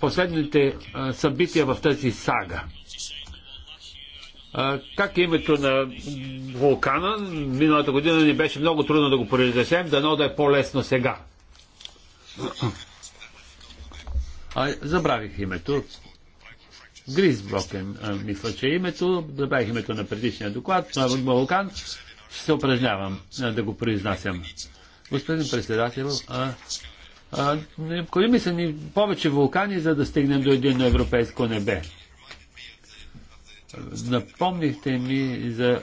последните е, събития в тази сага как е името на вулкана миналата година ни беше много трудно да го произнесем, дано да е по-лесно сега. А, забравих името. Гризброкен, мисля, че е името. Забравих името на предишния доклад. На вулкан ще се упражнявам да го произнасям. Господин председател, а, а, необходими са ни повече вулкани, за да стигнем до един европейско небе. Напомнихте ми за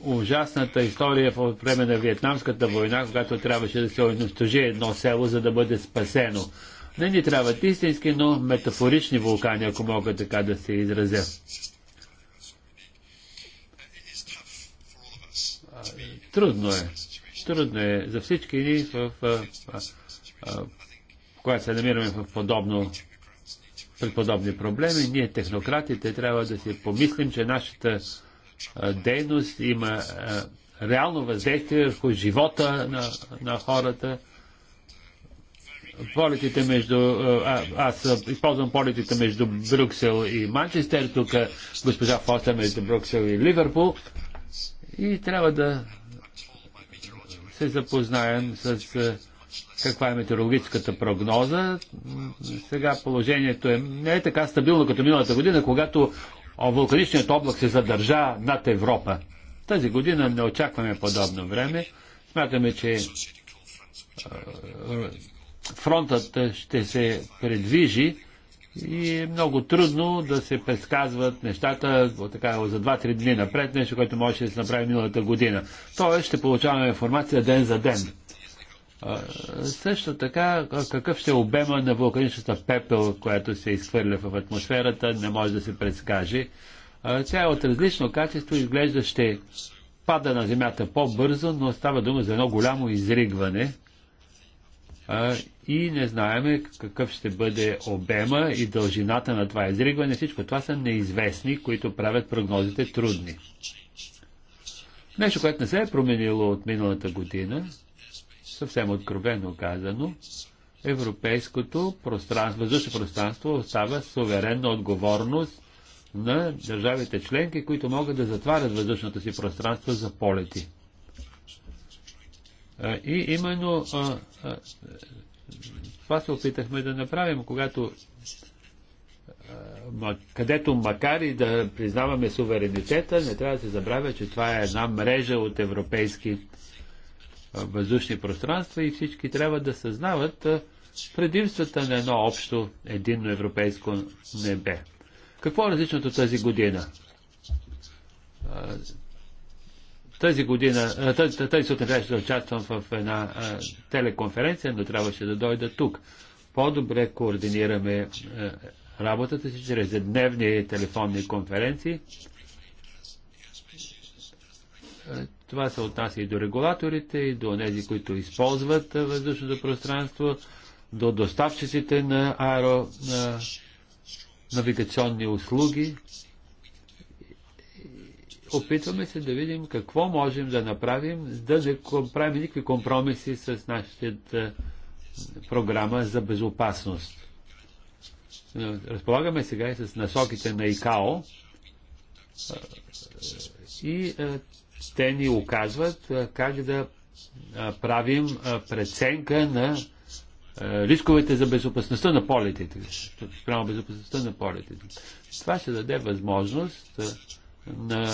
ужасната история по време на Виетнамската война, когато трябваше да се унищожи едно село, за да бъде спасено. Не ни трябват истински, но метафорични вулкани, ако мога така да се изразя. Трудно е. Трудно е за всички ни, в, в, в, в, която се намираме в подобно подобни проблеми. Ние, технократите, трябва да си помислим, че нашата дейност има реално въздействие върху живота на, на хората. Полетите между... А, аз използвам полетите между Брюксел и Манчестер, тук госпожа Фостер между Брюксел и Ливърпул. И трябва да се запознаем с каква е метеорологическата прогноза. Сега положението е не е така стабилно като миналата година, когато вулканичният облак се задържа над Европа. Тази година не очакваме подобно време. Смятаме, че е, фронтът ще се предвижи и е много трудно да се предсказват нещата така, за 2-3 дни напред, нещо, което може да се направи миналата година. Тоест ще получаваме информация ден за ден. Също така, какъв ще е обема на вулканичната пепел, която се изхвърля в атмосферата, не може да се предскаже. Тя е от различно качество, изглежда ще пада на Земята по-бързо, но става дума за едно голямо изригване. И не знаеме какъв ще бъде обема и дължината на това изригване. Всичко това са неизвестни, които правят прогнозите трудни. Нещо, което не се е променило от миналата година, съвсем откровено казано, европейското пространство, въздушно пространство остава суверенна отговорност на държавите членки, които могат да затварят въздушното си пространство за полети. И именно това се опитахме да направим, когато където макар и да признаваме суверенитета, не трябва да се забравя, че това е една мрежа от европейски въздушни пространства и всички трябва да съзнават предимствата на едно общо единно европейско небе. Какво е различното тази година? Тази година, тази, сутрин трябваше да участвам в една телеконференция, но трябваше да дойда тук. По-добре координираме работата си чрез дневни телефонни конференции. Е, това се отнася и до регулаторите, и до тези, които използват е, въздушното пространство, до доставчиците на аеро на навигационни услуги. Опитваме се да видим какво можем да направим, да не правим никакви компромиси с нашата е, програма за безопасност. Разполагаме сега и с насоките на ИКАО и те ни оказват как да правим преценка на рисковете за безопасността на полетите, спрямо безопасността на полетите. Това ще даде възможност на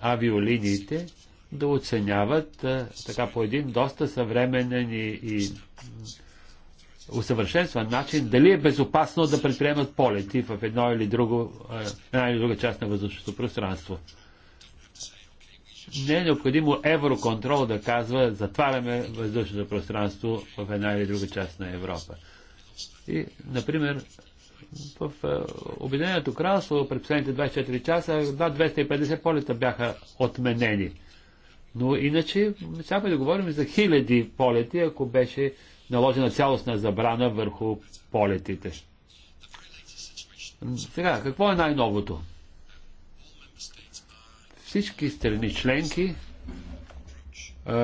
авиолиниите да оценяват така по един доста съвременен и, и усъвършенстван начин дали е безопасно да предприемат полети в едно или друго, една или друга част на въздушното пространство. Не е необходимо евроконтрол да казва затваряме въздушното пространство в една или друга част на Европа. И, например, в е, Обединеното кралство през последните 24 часа да, 250 полета бяха отменени. Но иначе, сега да говорим за хиляди полети, ако беше наложена цялостна забрана върху полетите. Сега, какво е най-новото? Всички страни членки а,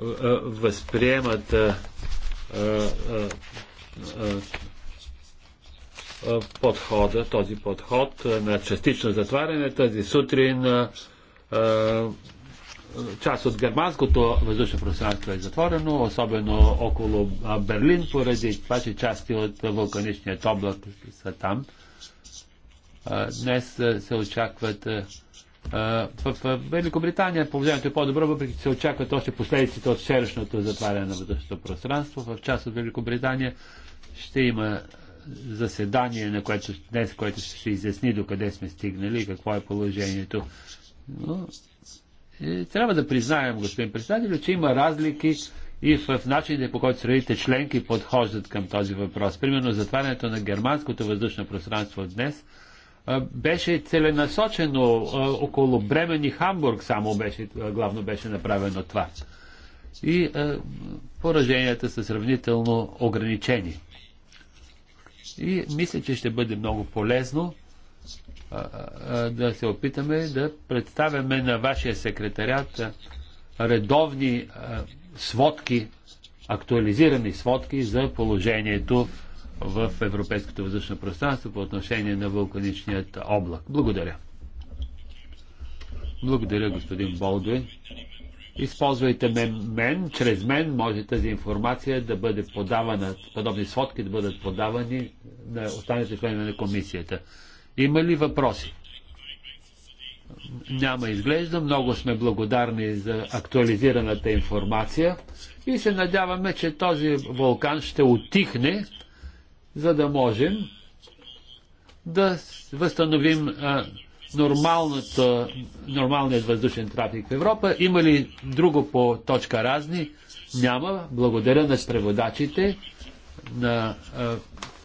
а, възприемат а, а, а, подхода, този подход на частично затваряне. Тази сутрин а, а, част от германското въздушно пространство е затворено, особено около Берлин, поради това, че части от вулканичният облак са там. Днес се очакват в Великобритания положението е по-добро, въпреки че се очакват още последиците от вчерашното затваряне на вътрешното пространство. В част от Великобритания ще има заседание, на което днес, което ще се изясни докъде сме стигнали и какво е положението. Но, и, е, трябва да признаем, господин председател, че има разлики и в начините по който страните членки подхождат към този въпрос. Примерно затварянето на германското въздушно пространство днес – беше целенасочено около Бремен и Хамбург само беше, главно беше направено това. И пораженията са сравнително ограничени. И мисля, че ще бъде много полезно да се опитаме да представяме на вашия секретарят редовни сводки, актуализирани сводки за положението в европейското въздушно пространство по отношение на вулканичният облак. Благодаря. Благодаря, господин Болдуин. Използвайте мен, мен, чрез мен може тази информация да бъде подавана, подобни сводки да бъдат подавани на останалите члени на комисията. Има ли въпроси? Няма изглежда. Много сме благодарни за актуализираната информация и се надяваме, че този вулкан ще отихне за да можем да възстановим а, нормалният въздушен трафик в Европа. Има ли друго по точка разни? Няма. Благодаря на преводачите, на